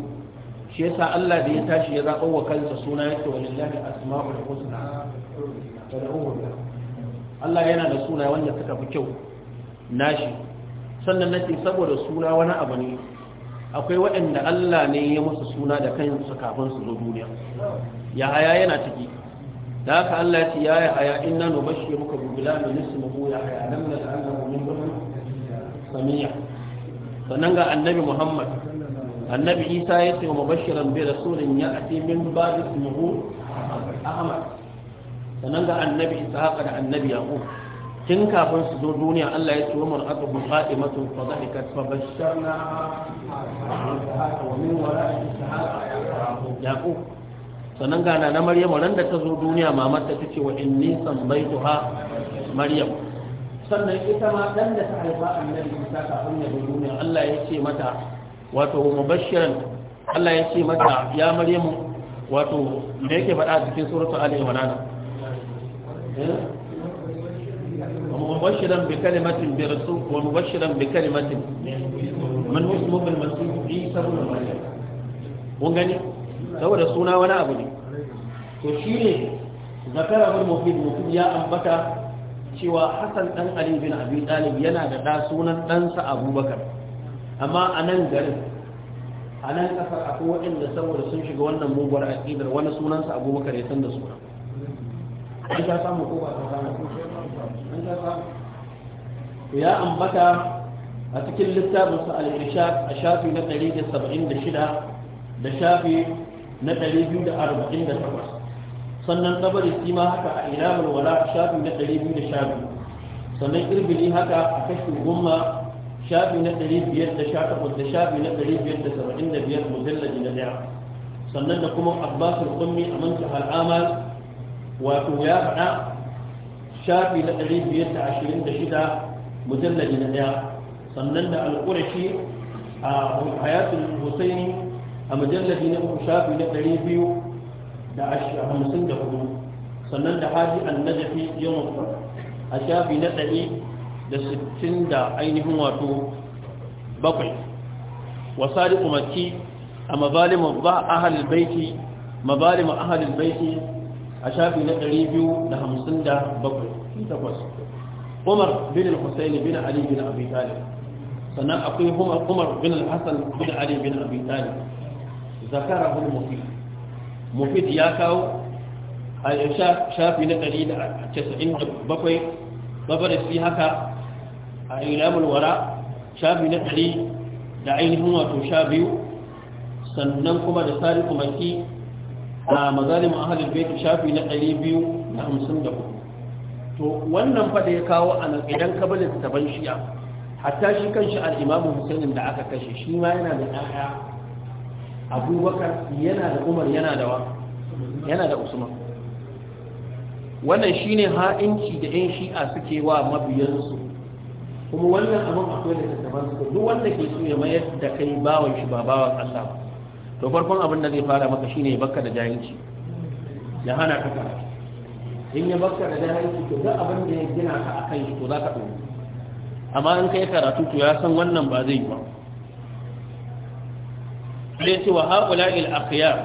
shi yasa Allah da ya tashi ya zaɓo wa kansa suna yake wa lillahi asma'ul husna Allah yana da suna wanda suka fi kyau nashi sannan nake saboda suna wani abu ne akwai waɗanda Allah ne ya musu suna da kansu kafin su zo duniya ya haya yana ciki da haka Allah ya ce ya ya haya inna nubashshiruka bi ghulamin ismuhu ya haya lam nal'amu min qabl samiya sannan ga annabi Muhammad annabi isa ya ce wa mubashiran bi rasulin ya ati min ba'd ismihi ahmad sanan ga annabi isa haka da annabi yaƙo tun kafin su zo duniya Allah ya ce wa mar'atu qa'imatun fa dhahikat fa basharna wa min wara'i ishaqa yaqub sanan ga nana maryamu ran da ta zo duniya mamar ta ce wa in inni sammaituha maryam sannan ita ma dan da ta haifa annabi isa kafin ya zo duniya Allah ya ce mata wato mubashiran Allah ya ce mata ya maryamu wato me yake faɗa a cikin suratu ali imran eh? mubashiran bi kalimatin bi rasul wa mubashiran bi kalimatin man ismu bil masih isa ibn maryam kun gani saboda suna wani abu ne to shine zakara bin mufid mufid ya ambata cewa hasan dan ali bin abi talib yana da da sunan ɗansa abubakar amma a nan garin a nan kasar akwai waɗanda saboda sun shiga wannan muguwar aƙidar wani sunansa abubakar ya san da suna an ta samu ko ba ta samu an ta samu ya ambata a cikin littafin sa al-irshad a shafi na 176 da shafi na 248 sannan tabari shi ma haka a ilamul wala shafi na 212 sannan irbili haka a kashi goma shafi na 518 da shafi na 575 mujallaji na daya sannan da kuma abbas al a manta al'amal wato ya faɗa shafi na 526 mujallaji na daya sannan da al-qurashi a hayatul husaini a mujallaji na uku shafi na 254 sannan da haji a na da sittin da ainihin wato bakwai wa sadiqu a mazalimin ba ahalul baiti mazalimin ahalul baiti a shafi na 257 umar bin al-husayn bin ali bin abi talib sannan akwai umar bin al-hasan bin ali bin abi talib zakarahu al-mufid mufid ya kawo a shafi na 197 babar fi haka a ilamul wara shafi na ɗari da ainihin wato sha biyu sannan kuma da tariku maki a mazalim ahalin baitu shafi na ɗari biyu da hamsin da hudu to wannan fada ya kawo a nan idan kabilin taban shi'a hatta shi kanshi al'imamu husainin da aka kashe shi ma yana da ɗaya abubakar yana da umar yana da wa yana da usman wannan shine ha'inci da 'yan shi'a suke wa mabiyansu kuma wannan abin akwai da tattaban su duk wanda ke so ya mayar da kai bawan shi ba bawan Allah to farkon abin da zai fara maka shine ya bakka da jahilci ya hana ka karatu in ya bakka da jahilci to duk abin da ya gina ka akan shi to za ka ɗauki amma in kai karatu to ya san wannan ba zai yi ba sai ce wa haƙula il-akhiyar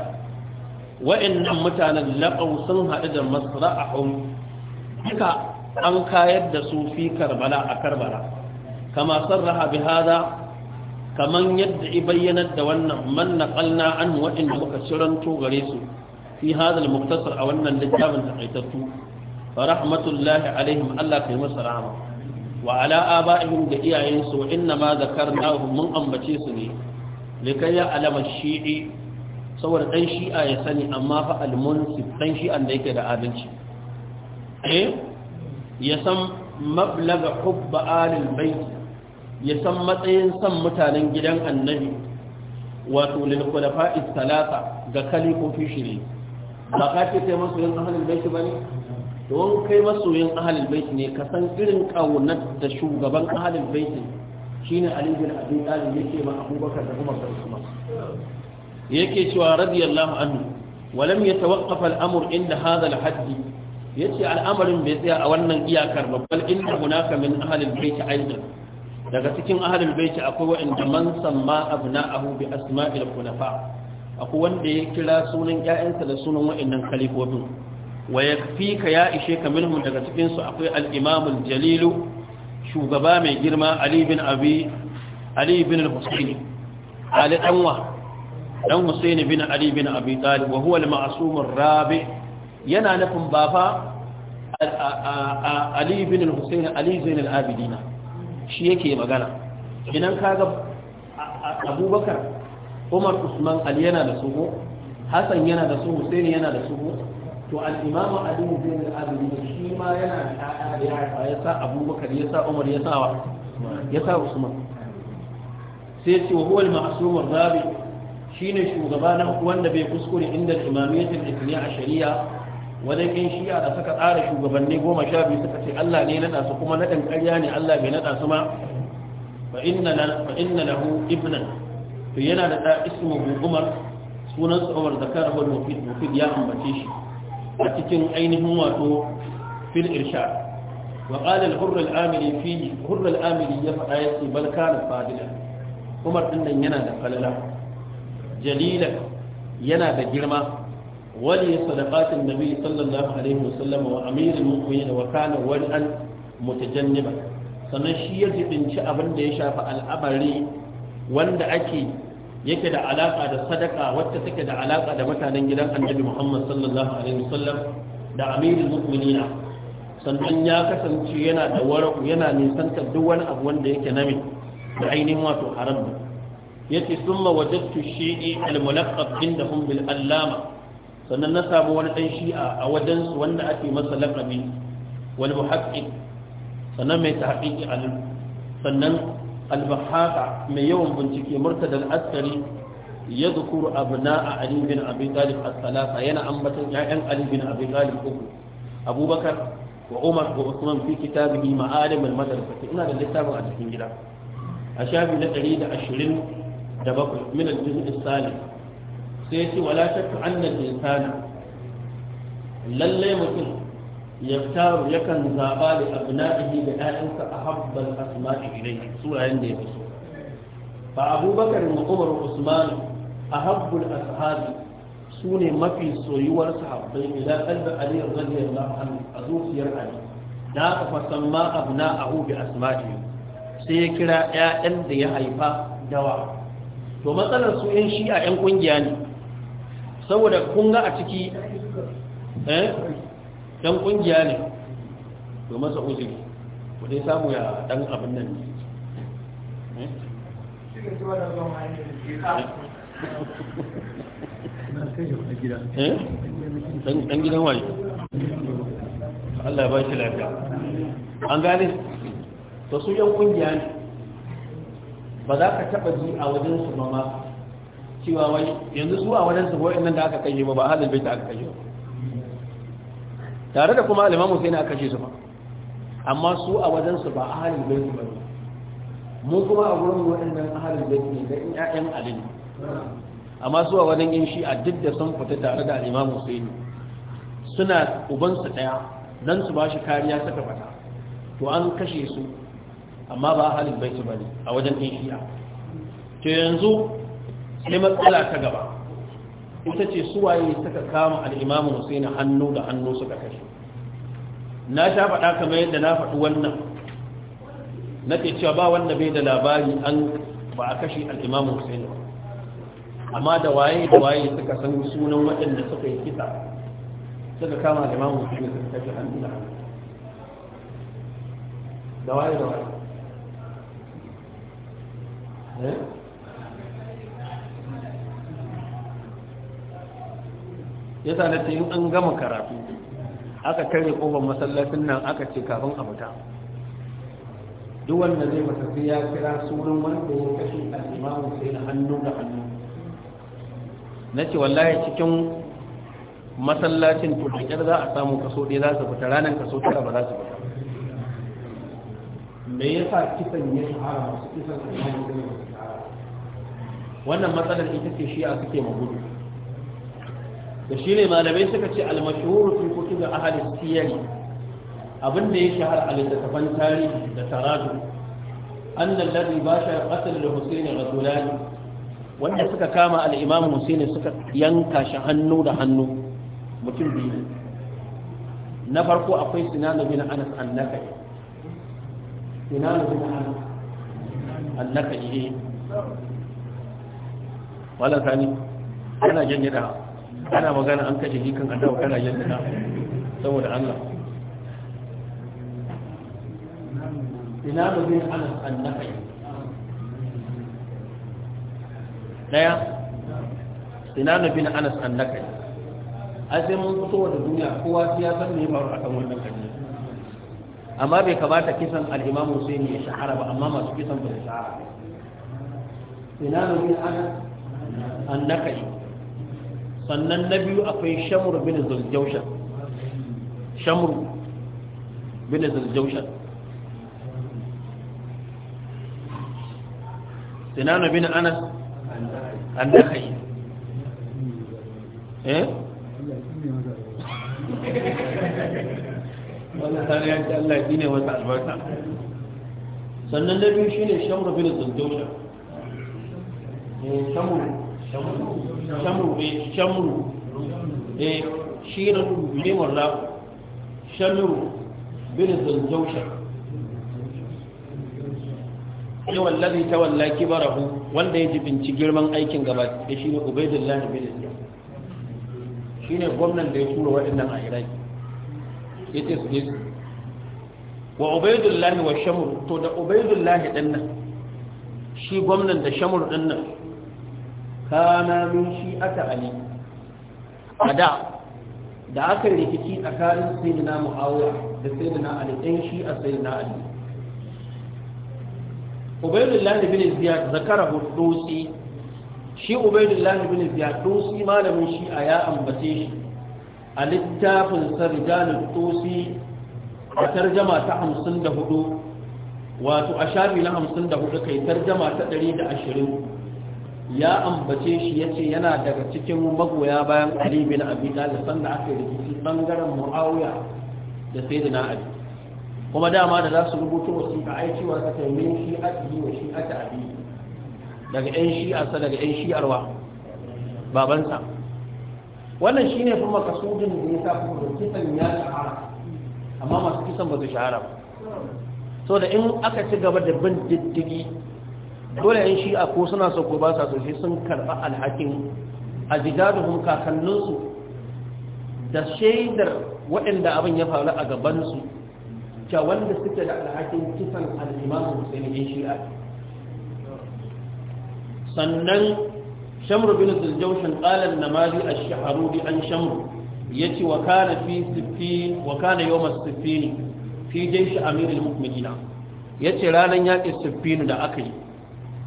wa'annan mutanen laƙau sun haɗu da masra'ahun duka an kayar da su fi karbala a karbala kama sarraha bi hada kaman yadda i bayyanar da wannan man naqalna an waɗanda muka ciranto gare su fi hada al-muktasar a wannan littafin takaitattu fa rahmatullahi alaihim Allah kai masa rahama wa ala aba'ihim da iyayen su inna ma zakarnahu mun ambace su ne likai ya alama shi'i saboda dan shi'a ya sani amma fa al-munsif dan shi'an da yake da adalci eh ya san mablaga hubba alil bait ya san matsayin san mutanen gidan annabi wato lil khulafa salasa ga kalifofi shiri ba ka ce kai masoyin ahlul bait bane to wani kai masoyin ahalin bait ne ka san irin kaunar da shugaban ahlul bait shine ali bin abi talib yake ma abubakar da kuma sarkuma yake cewa radiyallahu anhu ولم يتوقف الأمر عند هذا الحد yace al'amarin bai tsaya a wannan iyakar babbal inda hunaka min ahlil baiti aidan daga cikin ahalin baiti akwai wa'inda man samma abu abna'ahu bi asma'il kunafa akwai wanda ya kira sunan ƴaƴansa da sunan wa'innan kalifofin wa ka ya ishe ka minhum daga cikin su akwai al-imam al shugaba mai girma ali bin abi ali bin al-husayn ali danwa dan husayn bin ali bin abi talib wa huwa al-ma'sum ar-rabi' yana nufin ba fa Ali bin al-Husayn Ali Zain al-Abidin shi yake magana idan kaga Abubakar Umar Usman Ali yana da su Hassan yana da su Husaini yana da su to al-Imam Ali bin al-Abidin shi ma yana da da ya sa Abubakar ya sa Umar ya sa ya sa Usman sai ce wa huwa al-ma'sum ar-rabi shine shugaba na wanda bai kuskure inda imamiyyatul ikhliya a shari'a wani kin shi'a da suka tsara shugabanni goma sha biyu suka ce Allah ne na su kuma naɗin ƙarya ne Allah bai naɗa su ma fa inna lahu ibnan to yana da ɗa ismuhu umar sunan tsawar da karahul mufid mufid ya ambace shi a cikin ainihin wato fil irshad wa qala al hurr al amili fi hurr al amili ya faɗa yace bal kana fadila umar din nan yana da falala jalila yana da girma ولي صدقات النبي صلى الله عليه وسلم وأمير المؤمنين وكان وليا متجنبا sannan shi ya jibinci abin da ya shafi al'amari wanda ake yake da alaƙa da sadaka wacce take da alaƙa da mutanen gidan annabi Muhammad sallallahu alaihi wasallam da amirul mu'minina sannan ya kasance yana da waraku yana nisantar duk wani abu wanda yake nami da ainihin wato haram yace summa wajadtu shi'i al-mulaqqab indahum bil allama sannan na samu wani ɗan shi'a a su wanda ake masa laƙabi wani muhaƙƙi sannan mai tahqiqi al sannan al-bahaka mai yawan bincike murtada da askari ya zukuru a ali bin abi talib as-salasa yana ambatan ya'yan ali bin abi talib uku abubakar wa umar wa usman fi kitabihi ma'alim al-madrasa ina da littafin a cikin gida a shafi na 127 min al-juz' as-salis sai ce wala shakka annal insana lalle mutum yaftaru yakan zaba da abna'ihi da ƴaƴansa a habbal asma'i ilayhi surayen da ya fi so fa abubakar da umar usman ahabbul ashabi su ne mafi soyuwar sahabbai ila qalbi ali radiyallahu anhu a zuciyar ali da aka fasamma abna'ahu bi asma'i sai ya kira ƴaƴan da ya haifa dawa to matsalar su ƴan a ƴan kungiya ne saboda kun ga a ciki eh dan kungiya ne domin masa uzuri ku dai samu ya dan abin nan ne eh? Eh? dan gidan waje Allah ya bashi lafiya an gane to su yan kungiya ne ba za ka taba ji a wajen su ba ma cewa wai yanzu su a wajen su nan da aka kashe ba ba halin bai ta aka kashe ba tare da kuma alimamu sai na aka kashe su ba amma su a wajen su ba halin bai ba ne mu kuma a gurin nan halin bai ne da 'ya'yan ƴaƴan amma su a wajen yin shi a duk da sun fita tare da alimamu sai suna ubansu ɗaya dan su ba shi kariya ta fata to an kashe su amma ba halin bai su ba ne a wajen yin shi'a to yanzu sai matsala ta gaba ita ce suwaye suka kama al'imamu husaini hannu da hannu suka kashe na sha faɗa kamar yadda na faɗi wannan na ke cewa ba wanda bai da labari an ba a kashe al'imamu husaini ba amma da waye da waye suka san sunan waɗanda suka yi kisa suka kama al'imamu husaini suka kashe hannu da hannu da waye da waye eh? yasa na ce in an gama karatu aka kare kofar masallacin nan aka ce kafin a fita duk wanda zai masa sai ya kira sunan wanda ya kashe al'imamu sai na hannu da hannu na ce wallahi cikin masallacin tuɗaƙyar za a samu kaso ɗaya za su fita ranar kaso tara ba za su fita me yasa kisan ya shahara masu kisan al'imamu ya na wannan matsalar ita ce shi a suke magudu da shi ne malamai suka ce almashhur fi da ahli siyar abin da ya shahara a littattafan tarihi da taradu annal ladhi bashar da al-husayn ghazulani wanda suka kama al-imam husayn suka yanka shi hannu da hannu mutum biyu na farko akwai sinan bin anas annaka sinan bin anas annaka ne eh. wala sani yana janye da ana magana an kashe jikin adawa kana yadda na saboda Allah ina da bin anas annabi daya ina da bin anas a sai mun fito da duniya kowa ya san me faru akan wannan kaje amma bai kamata kisan al-Imam Husaini ya shahara ba amma masu kisan ba su shahara ina da bin anas annabi sannan na biyu akwai shamur bin zuljaushan shamur bin zuljaushan sinana bin anas an dakai eh wannan tare ya Allah ya ne wata albarka sannan na biyu shine shamur bin zuljaushan eh, shamur shamru eh e shi na ne walla shamru bin zanjausha ne wallazi tawalla kibarahu wanda ya jibinci girman aikin gaba da shine ubaidullahi bin Shi ne gwamnan da ya tura waɗannan a iraki yace su ne wa ubaidullahi wa shamru to da ubaidullahi ɗannan, shi gwamnan da shamru ɗannan. kana min aka ali a da da aka rikici tsakanin sayyidina muawiya da sayyidina ali ɗan shi a sayyidina ali ubaydullah bin ziyad zakara hudusi shi ubaydullah bin ziyad dusi malamin shi a ya ambace shi a littafin sarjanul dusi a tarjama ta 54 wato a shafi na 54 kai tarjama ta ashirin. ya ambace shi ya ce yana daga cikin magoya bayan Ali bin Abi Talib sanda aka yi rikici bangaren Muawiya da Sayyidina Ali kuma dama da za su rubuta wasiƙa ai cewa ta kai min shi aji wa shi aka abi daga ƴan a sa daga ƴan arwa. babansa wannan shine kuma kasudin da ya sa kuma da kisan ya shahara amma masu kisan ba su shahara ba so da in aka ci gaba da bin diddigi dole yan shi'a ko suna so ko ba sa so shi sun karɓa alhakin ajidaduhum kakanninsu da shaidar waɗanda abin ya faru a gabansu ta wanda suke da alhakin kisan al'imamu sai yan shi'a sannan shamru bin zuljaushin ƙalar namari a bi an shamru ya ce wa kana fi siffi wa kana yau masu siffi ne fi jai shi amirin ya ce ranar yaƙin siffinu da aka yi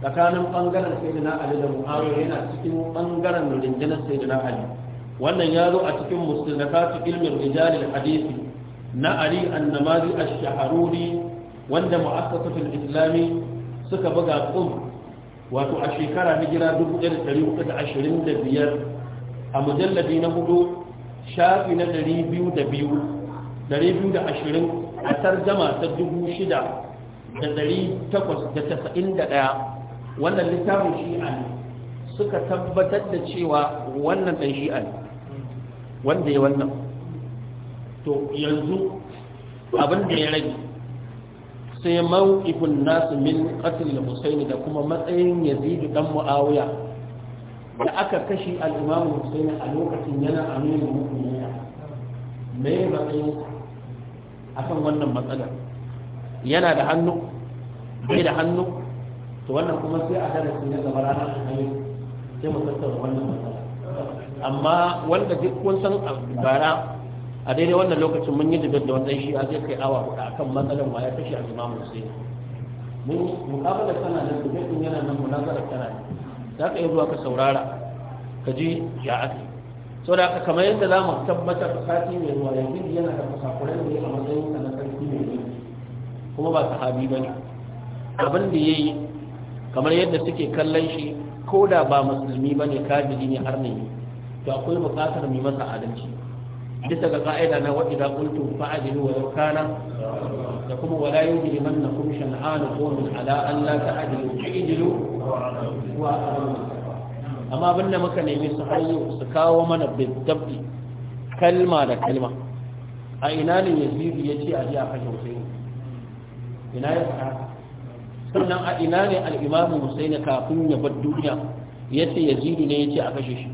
tsakanin bangaren sayyidina ali da muawiya yana cikin bangaren rundunar sayyidina ali wannan ya zo a cikin da fi ilmin rijalil hadisi na ali annamazi a shahruri wanda mu'assasatul islami suka buga qum wato a shekara hijira 1425 a mujalladi na hudu shafi na 202 220 a tarjama ta 6891 wannan littafin shi'a ne suka tabbatar da cewa wannan ɗan shi'a ne wanda ya wannan to yanzu abin da ya rage sai mawqifun nasu min qatl al-husayn da kuma matsayin yazid dan muawiya da aka kashi al-imam husayn a lokacin yana amirul mu'minin me matsayin akan wannan matsalar yana da hannu bai da hannu to wannan kuma sai a darasi na gaba ranar alhamis sai mu tattauna wannan matsala amma wanda duk kun san bara a daidai wannan lokacin mun yi dubar da wannan shi a zai kai awa a kan matsalar ma ya kashe a mu sai mun mukabala tana da dubar din yana nan mu munazara tana za ka yi zuwa ka saurara ka ji ya ake so da aka kamar yadda za mu tabbatar sati mai zuwa yanzu yana da kusakurai ne a matsayin sa na sarki mai kuma ba sahabi ba ne abin da ya yi kamar yadda suke kallon shi ko da ba musulmi ba ne kajiri ne har ne to akwai buƙatar mai masa adalci bisa ga ka'ida na waɗi da kuntu fa'adilu wa yaukana da kuma wala yujri man na kum shan'anu qawmin ala an la ta'dilu ta'dilu wa amma abin da muka nemi su hayyu su kawo mana bidabbi kalma da kalma a ina ne yazidu ce a ji a kashe Hussein ina ya sannan a ina ne al'imamu na kafin ya bar duniya ya ce yazidu ne ya ce a kashe shi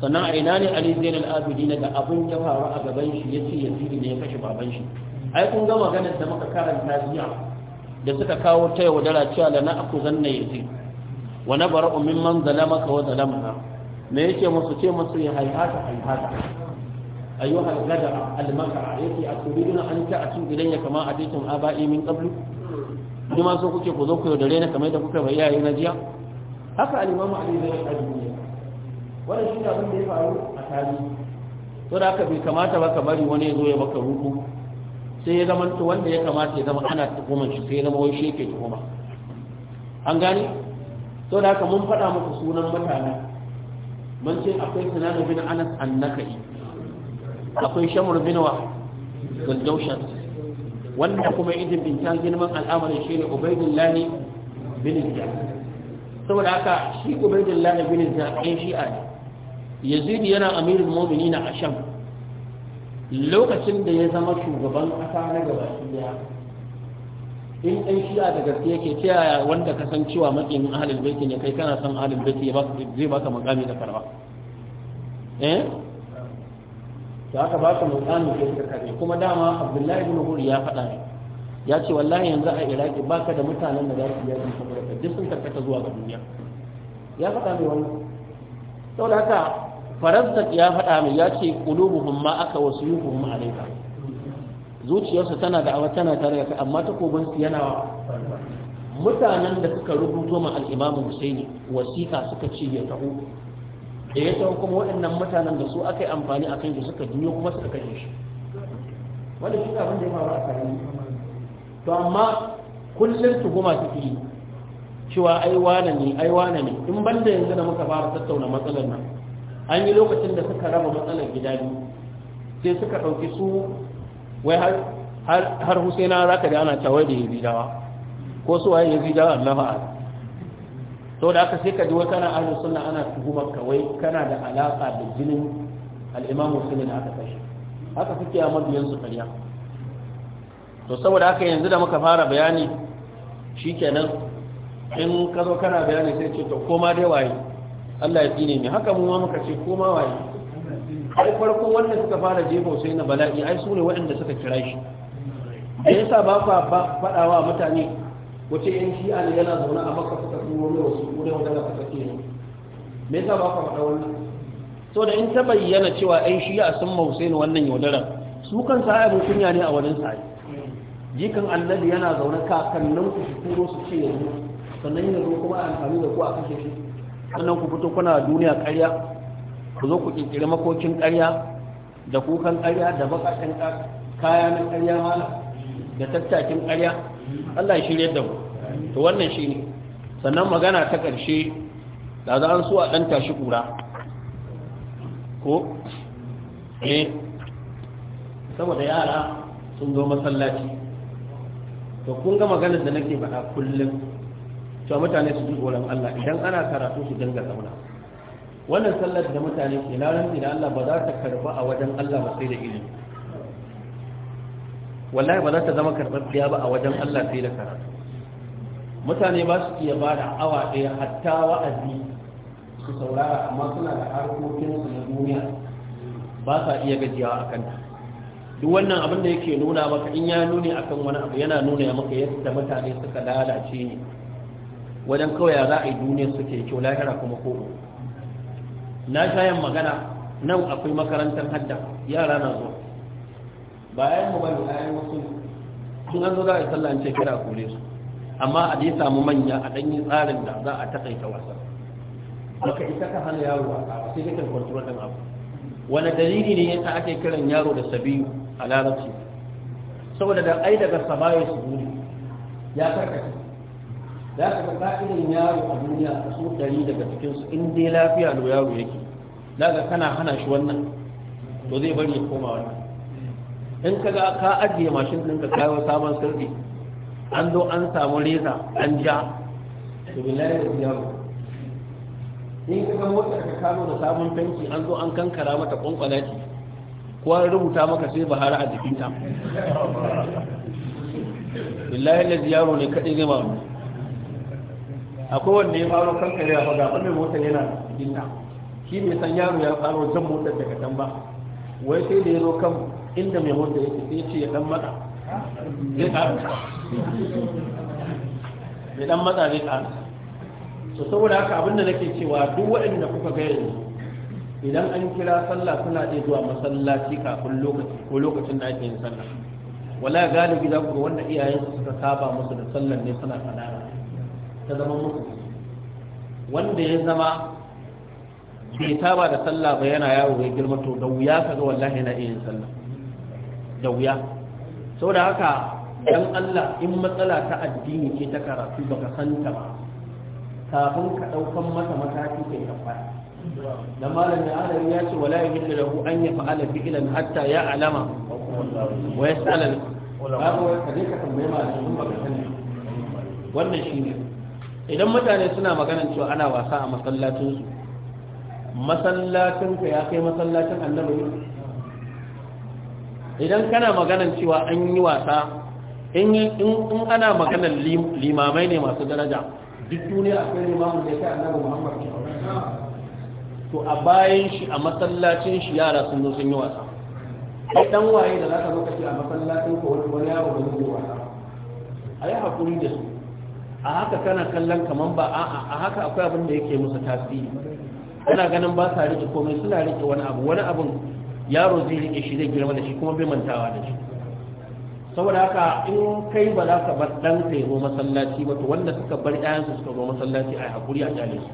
sannan a ina ne ali zai al'abidi da abin ya faru a gaban shi ya ce zidu ne ya kashe baban shi ai kun ga maganar da muka karanta jiya da suka kawo ta yau dara cewa da na aku zanna ya zi wa na man zalama ka wa na? me yake musu ce musu ya haihata haihata ayyuhal gada al-makara yake aturiduna an ta'tu ilayya kama atitum aba'i min qablu ni ma so kuke ku zo ku yaudare na kamar da kuka bai yayi na jiya haka alimamu ali zai a duniya wannan shi abin da ya faru a tarihi to da aka bai kamata ba ka bari wani ya zo ya baka ruku sai ya zama to wanda ya kamata ya zama ana tuhuman shi sai ya zama wai shi yake tuhuma an gane to da aka mun faɗa muku sunan mutane. mun ce akwai sunan bin anas annakai akwai shamur bin wa gaggaushan wanda kuma idin binta girman al'amarin shi ne ubaidullah bin ziyad saboda haka shi ubaidullah bin ziyad ɗan shi'a ne Yazidi yana amirin mu'minin a sham lokacin da ya zama shugaban ƙasa na gaba ɗaya in ɗan shi'a da gaske yake ta yaya wanda ka san cewa matsayin ahalin baiti ne kai kana son ahalin baiti zai baka mukami da karba eh to aka ba su mutsamin ke suka kare kuma dama abdullahi ibn hur ya faɗa ne ya ce wallahi yanzu a iraki ka da mutanen da za su yi yaji saboda ka duk sun karkata zuwa ga duniya ya faɗa ne wani saboda haka faransa ya faɗa mai ya ce qulubuhum ma aka wasu a alayka Zuciyarsa tana da awa tana tare da amma takobinsu su yana mutanen da suka rubuto ma al'imamu Husaini wasiƙa suka ce ya taho da ya sauka kuma waɗannan mutanen da su aka yi amfani a kan suka juyo kuma suka kashe shi wanda shi abin da ya faru a sarari to amma kullum tuhuma su fi cewa ai wane ne ai wane ne in banda yanzu da muka fara tattauna matsalar nan an yi lokacin da suka raba matsalar gida biyu sai suka ɗauki su wai har husaina za ka da ana tawai da ya yazidawa ko su waye ya yazidawa allahu a'ala saboda haka sai ka ji wata na ahlus sunna ana tuhumar ka wai kana da alaka da jinin al-imam sunni da aka kashe haka suke a mabiyan su kariya to saboda haka yanzu da muka fara bayani shikenan in ka zo kana bayani sai ce to koma dai waye Allah ya tsine ni haka mu ma muka ce koma waye ai farko wanda suka fara jefa sai na bala'i ai su ne waɗanda suka kira shi da yasa ba ku faɗawa mutane wace yan shi'a ne yana zaune a maka suka tsoro mai wasu kudin wanda ka sake ne me yasa ba ka faɗa wannan so da in ta bayyana cewa shi a sun mausai ni wannan yaudaran su kan sa abin kunya ne a wajen sa'i jikan annabi yana zaune kakannin ku su turo su ce yanzu sannan ya zo kuma a amfani da ku a kashe shi sannan ku fito kuna duniya ƙarya ku zo ku ƙirƙiri makokin ƙarya da kukan ƙarya da baƙaƙen kaya na ƙarya mala da tattakin ƙarya Allah ya shirye da mu to wannan shi ne sannan magana ta ƙarshe da za an so a ɗanta shi ƙura ko ne? Eh. saboda yara sun zo masallaci to kun ga maganar da nake faɗa kullum cewa mutane su ji tsoron Allah idan ana karatu su dinga zauna wannan sallar da mutane ke na rantsi da Allah ba za ta karba a wajen Allah ba sai da ilimi wallahi ba za ta zama karɓar ba a wajen Allah sai da karatu mutane ba su iya ba da awa ɗaya hatta wa'azi su saurara amma suna da su na duniya ba sa iya gajiyawa a kanta duk wannan abin da yake nuna maka in ya nuni akan wani abu yana nuna ya maka yadda mutane suka lalace ne wajen kawai ya za a yi duniya suke kyau lahira kuma ko na shayan magana nan akwai makarantar hadda yara na zo bayan mu bane ayan wasu sun an zo za a yi sallah an ce kira kore su amma a dai samu manya a ɗanyi tsarin da za a taƙaita wasan baka isa ka hana yaro wasa sai kakan kwantuwar ɗan abu wani dalili ne yasa ake kiran yaro da sabiyu a larabci saboda da ai daga sabayo su buri, ya karkace za ka ga ƙa'irin yaro a duniya a su ɗari daga cikinsu in dai lafiya da yaro yake za ka kana hana shi wannan to zai bari ya koma wannan in ka ga ka ajiye mashin ɗinka kayo sabon sirri an zo an samu reza an ja to billahi da siyamu in ka ga motar ka kano da sabon fenti an zo an kankara mata kwankwala ce ko an rubuta maka sai bahara a jikinta billahi da ziyaro ne kaɗai ne ma akwai wanda ya faro kankare a faga wannan motar yana jikinta shi ne san yaro ya faro jan motar daga can ba wai sai da ya zo kan inda mai motar yake sai ce ya dan mata zai ƙara mai ɗan matsa zai ƙara so saboda haka abinda nake cewa duk waɗanda kuka ga yanzu idan an kira sallah suna iya zuwa masallaci kafin lokaci ko lokacin da ake yin sallah wala galibi za ku ga wanda iyayensu suka saba musu da sallar ne suna kanana ta zama musu wanda ya zama bai saba da sallah ba yana yawo ya girma to da wuya ka ga wallahi yana iya yin sallah da wuya Sau da haka don Allah in matsala ta addini ke ta karatu baka santa ba kafin ka daukan mata mataki kai tabbata dan malam da Allah ya ce wala yahillu lahu an yaf'ala fi'lan hatta ya alama wa yas'ala babu ka dai ka tambaye malamin baka sani wannan shine idan mutane suna maganar cewa ana wasa a masallacinsu masallacinka ya kai masallacin annabi idan kana maganan cewa an yi wasa in ana maganan limamai ne masu daraja duk duniya akwai limamin da ya kai annabi muhammad to a bayan shi a masallacin shi yara sun zo sun yi wasa ai dan waye da za ka maka shi a masallacin ko wani wani yaro da zai wasa a yi hakuri da su a haka kana kallon kaman ba a'a a haka akwai abin da yake musu tasiri kana ganin ba sa rike komai suna rike wani abu wani abin yaro zai rike shi zai girma da shi kuma bai mantawa da shi saboda haka in kai ba za ka bar dan ya zo masallaci ba to wanda suka bar su suka zo masallaci a hakuri a jale su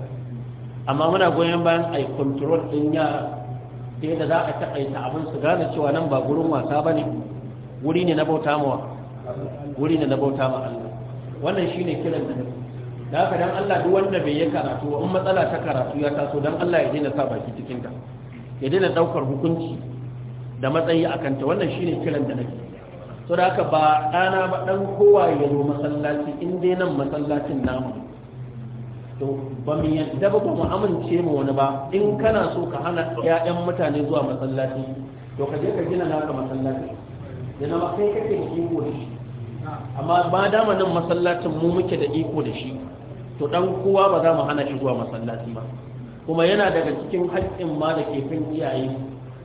amma muna goyon bayan a yi control ɗin yara sai da za a taƙaita abin su gane cewa nan ba gurin wasa ba ne wuri ne na bauta ma wuri ne na bauta ma Allah wannan shine kiran da da haka dan Allah duk wanda bai yi karatu in matsala ta karatu ya taso dan Allah ya daina sa baki cikin ta ya daina daukar hukunci da matsayi a kanta wannan shine kiran da nake so da haka ba ɗana ba ɗan kowa ya zo masallaci in dai nan masallacin namu to ba mu yadda ba mu amince mu wani ba in kana so ka hana 'ya'yan mutane zuwa masallaci to ka je ka gina naka masallaci da na kai kake da iko da shi amma ba dama nan masallacin mu muke da iko da shi to dan kowa ba za mu hana shi zuwa masallaci ba kuma yana daga cikin haƙƙin ma da ke fin iyaye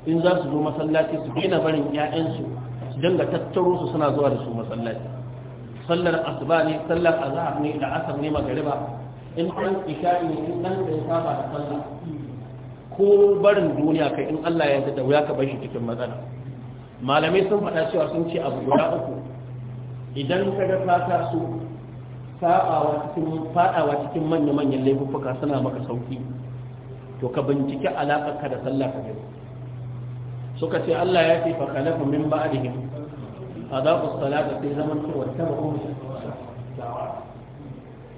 in za su zo masallaci su daina barin 'ya'yansu su dinga tattaro su suna zuwa da su masallaci sallar asuba ne sallar azhar ne da asar ne magariba in an isha'i ne in dan da saba da sallah ko barin duniya kai in Allah ya yarda da wuya ka bar shi cikin matsala malamai sun faɗa cewa sun ce abu guda uku idan ka ga ka taso sabawa cikin fadawa cikin manya-manyan laifuffuka suna maka sauki to ka binciki alaƙarka da sallah ka gani suka ce Allah ya ce fa khalafa min ba'dihim adaa'u salata sai zaman ki wa tabu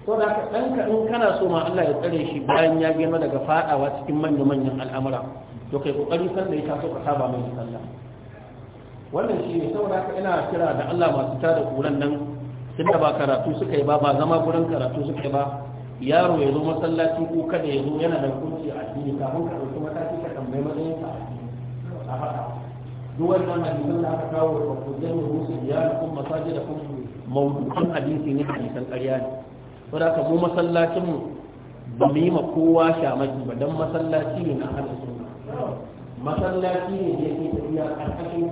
to da ɗanka in kana so ma Allah ya tsare shi bayan ya girma daga fadawa cikin manya manyan al'amura to kai kokari san da ya taso ka saba mai sallah wannan shi ne saboda haka ina kira da Allah masu tada kuran nan tunda ba karatu suka yi ba ba zama gurin karatu suka yi ba yaro ya zo masallaci ko kada ya zo yana da kunci a addini kafin ka ɗauki mataki ka tambayi matsayin ka a faɗa duk wannan hadisan da aka kawo wa kujen rusu da masajidakum mawdu'an hadisi ne hadisan ƙarya ne saboda ka zo masallacin mu ba mu yi ma kowa shamaki ba dan masallaci ne na hada suna masallaci ne da yake tafiya a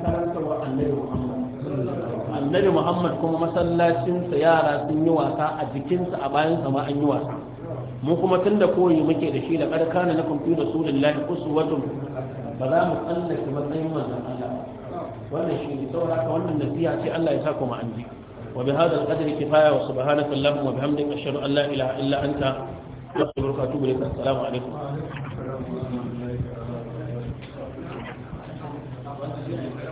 ƙarƙashin wa annabi Muhammad annabi muhammad kuma masallacinsa yara sun yi wasa a jikinsa a bayansa ma an yi wasa mu kuma tun da koyi muke da shi da ƙarƙana na kwamfuta su da lafi kusurwatun ba za mu tsallake matsayin manzan Allah wannan shi ne sauraka wannan nasiha ce Allah ya sa kuma an ji wa bi hadal qadri kifaya wa subhanaka allahumma wa bihamdika ashhadu an la ilaha illa anta astaghfiruka wa atubu ilayk assalamu alaikum Thank you.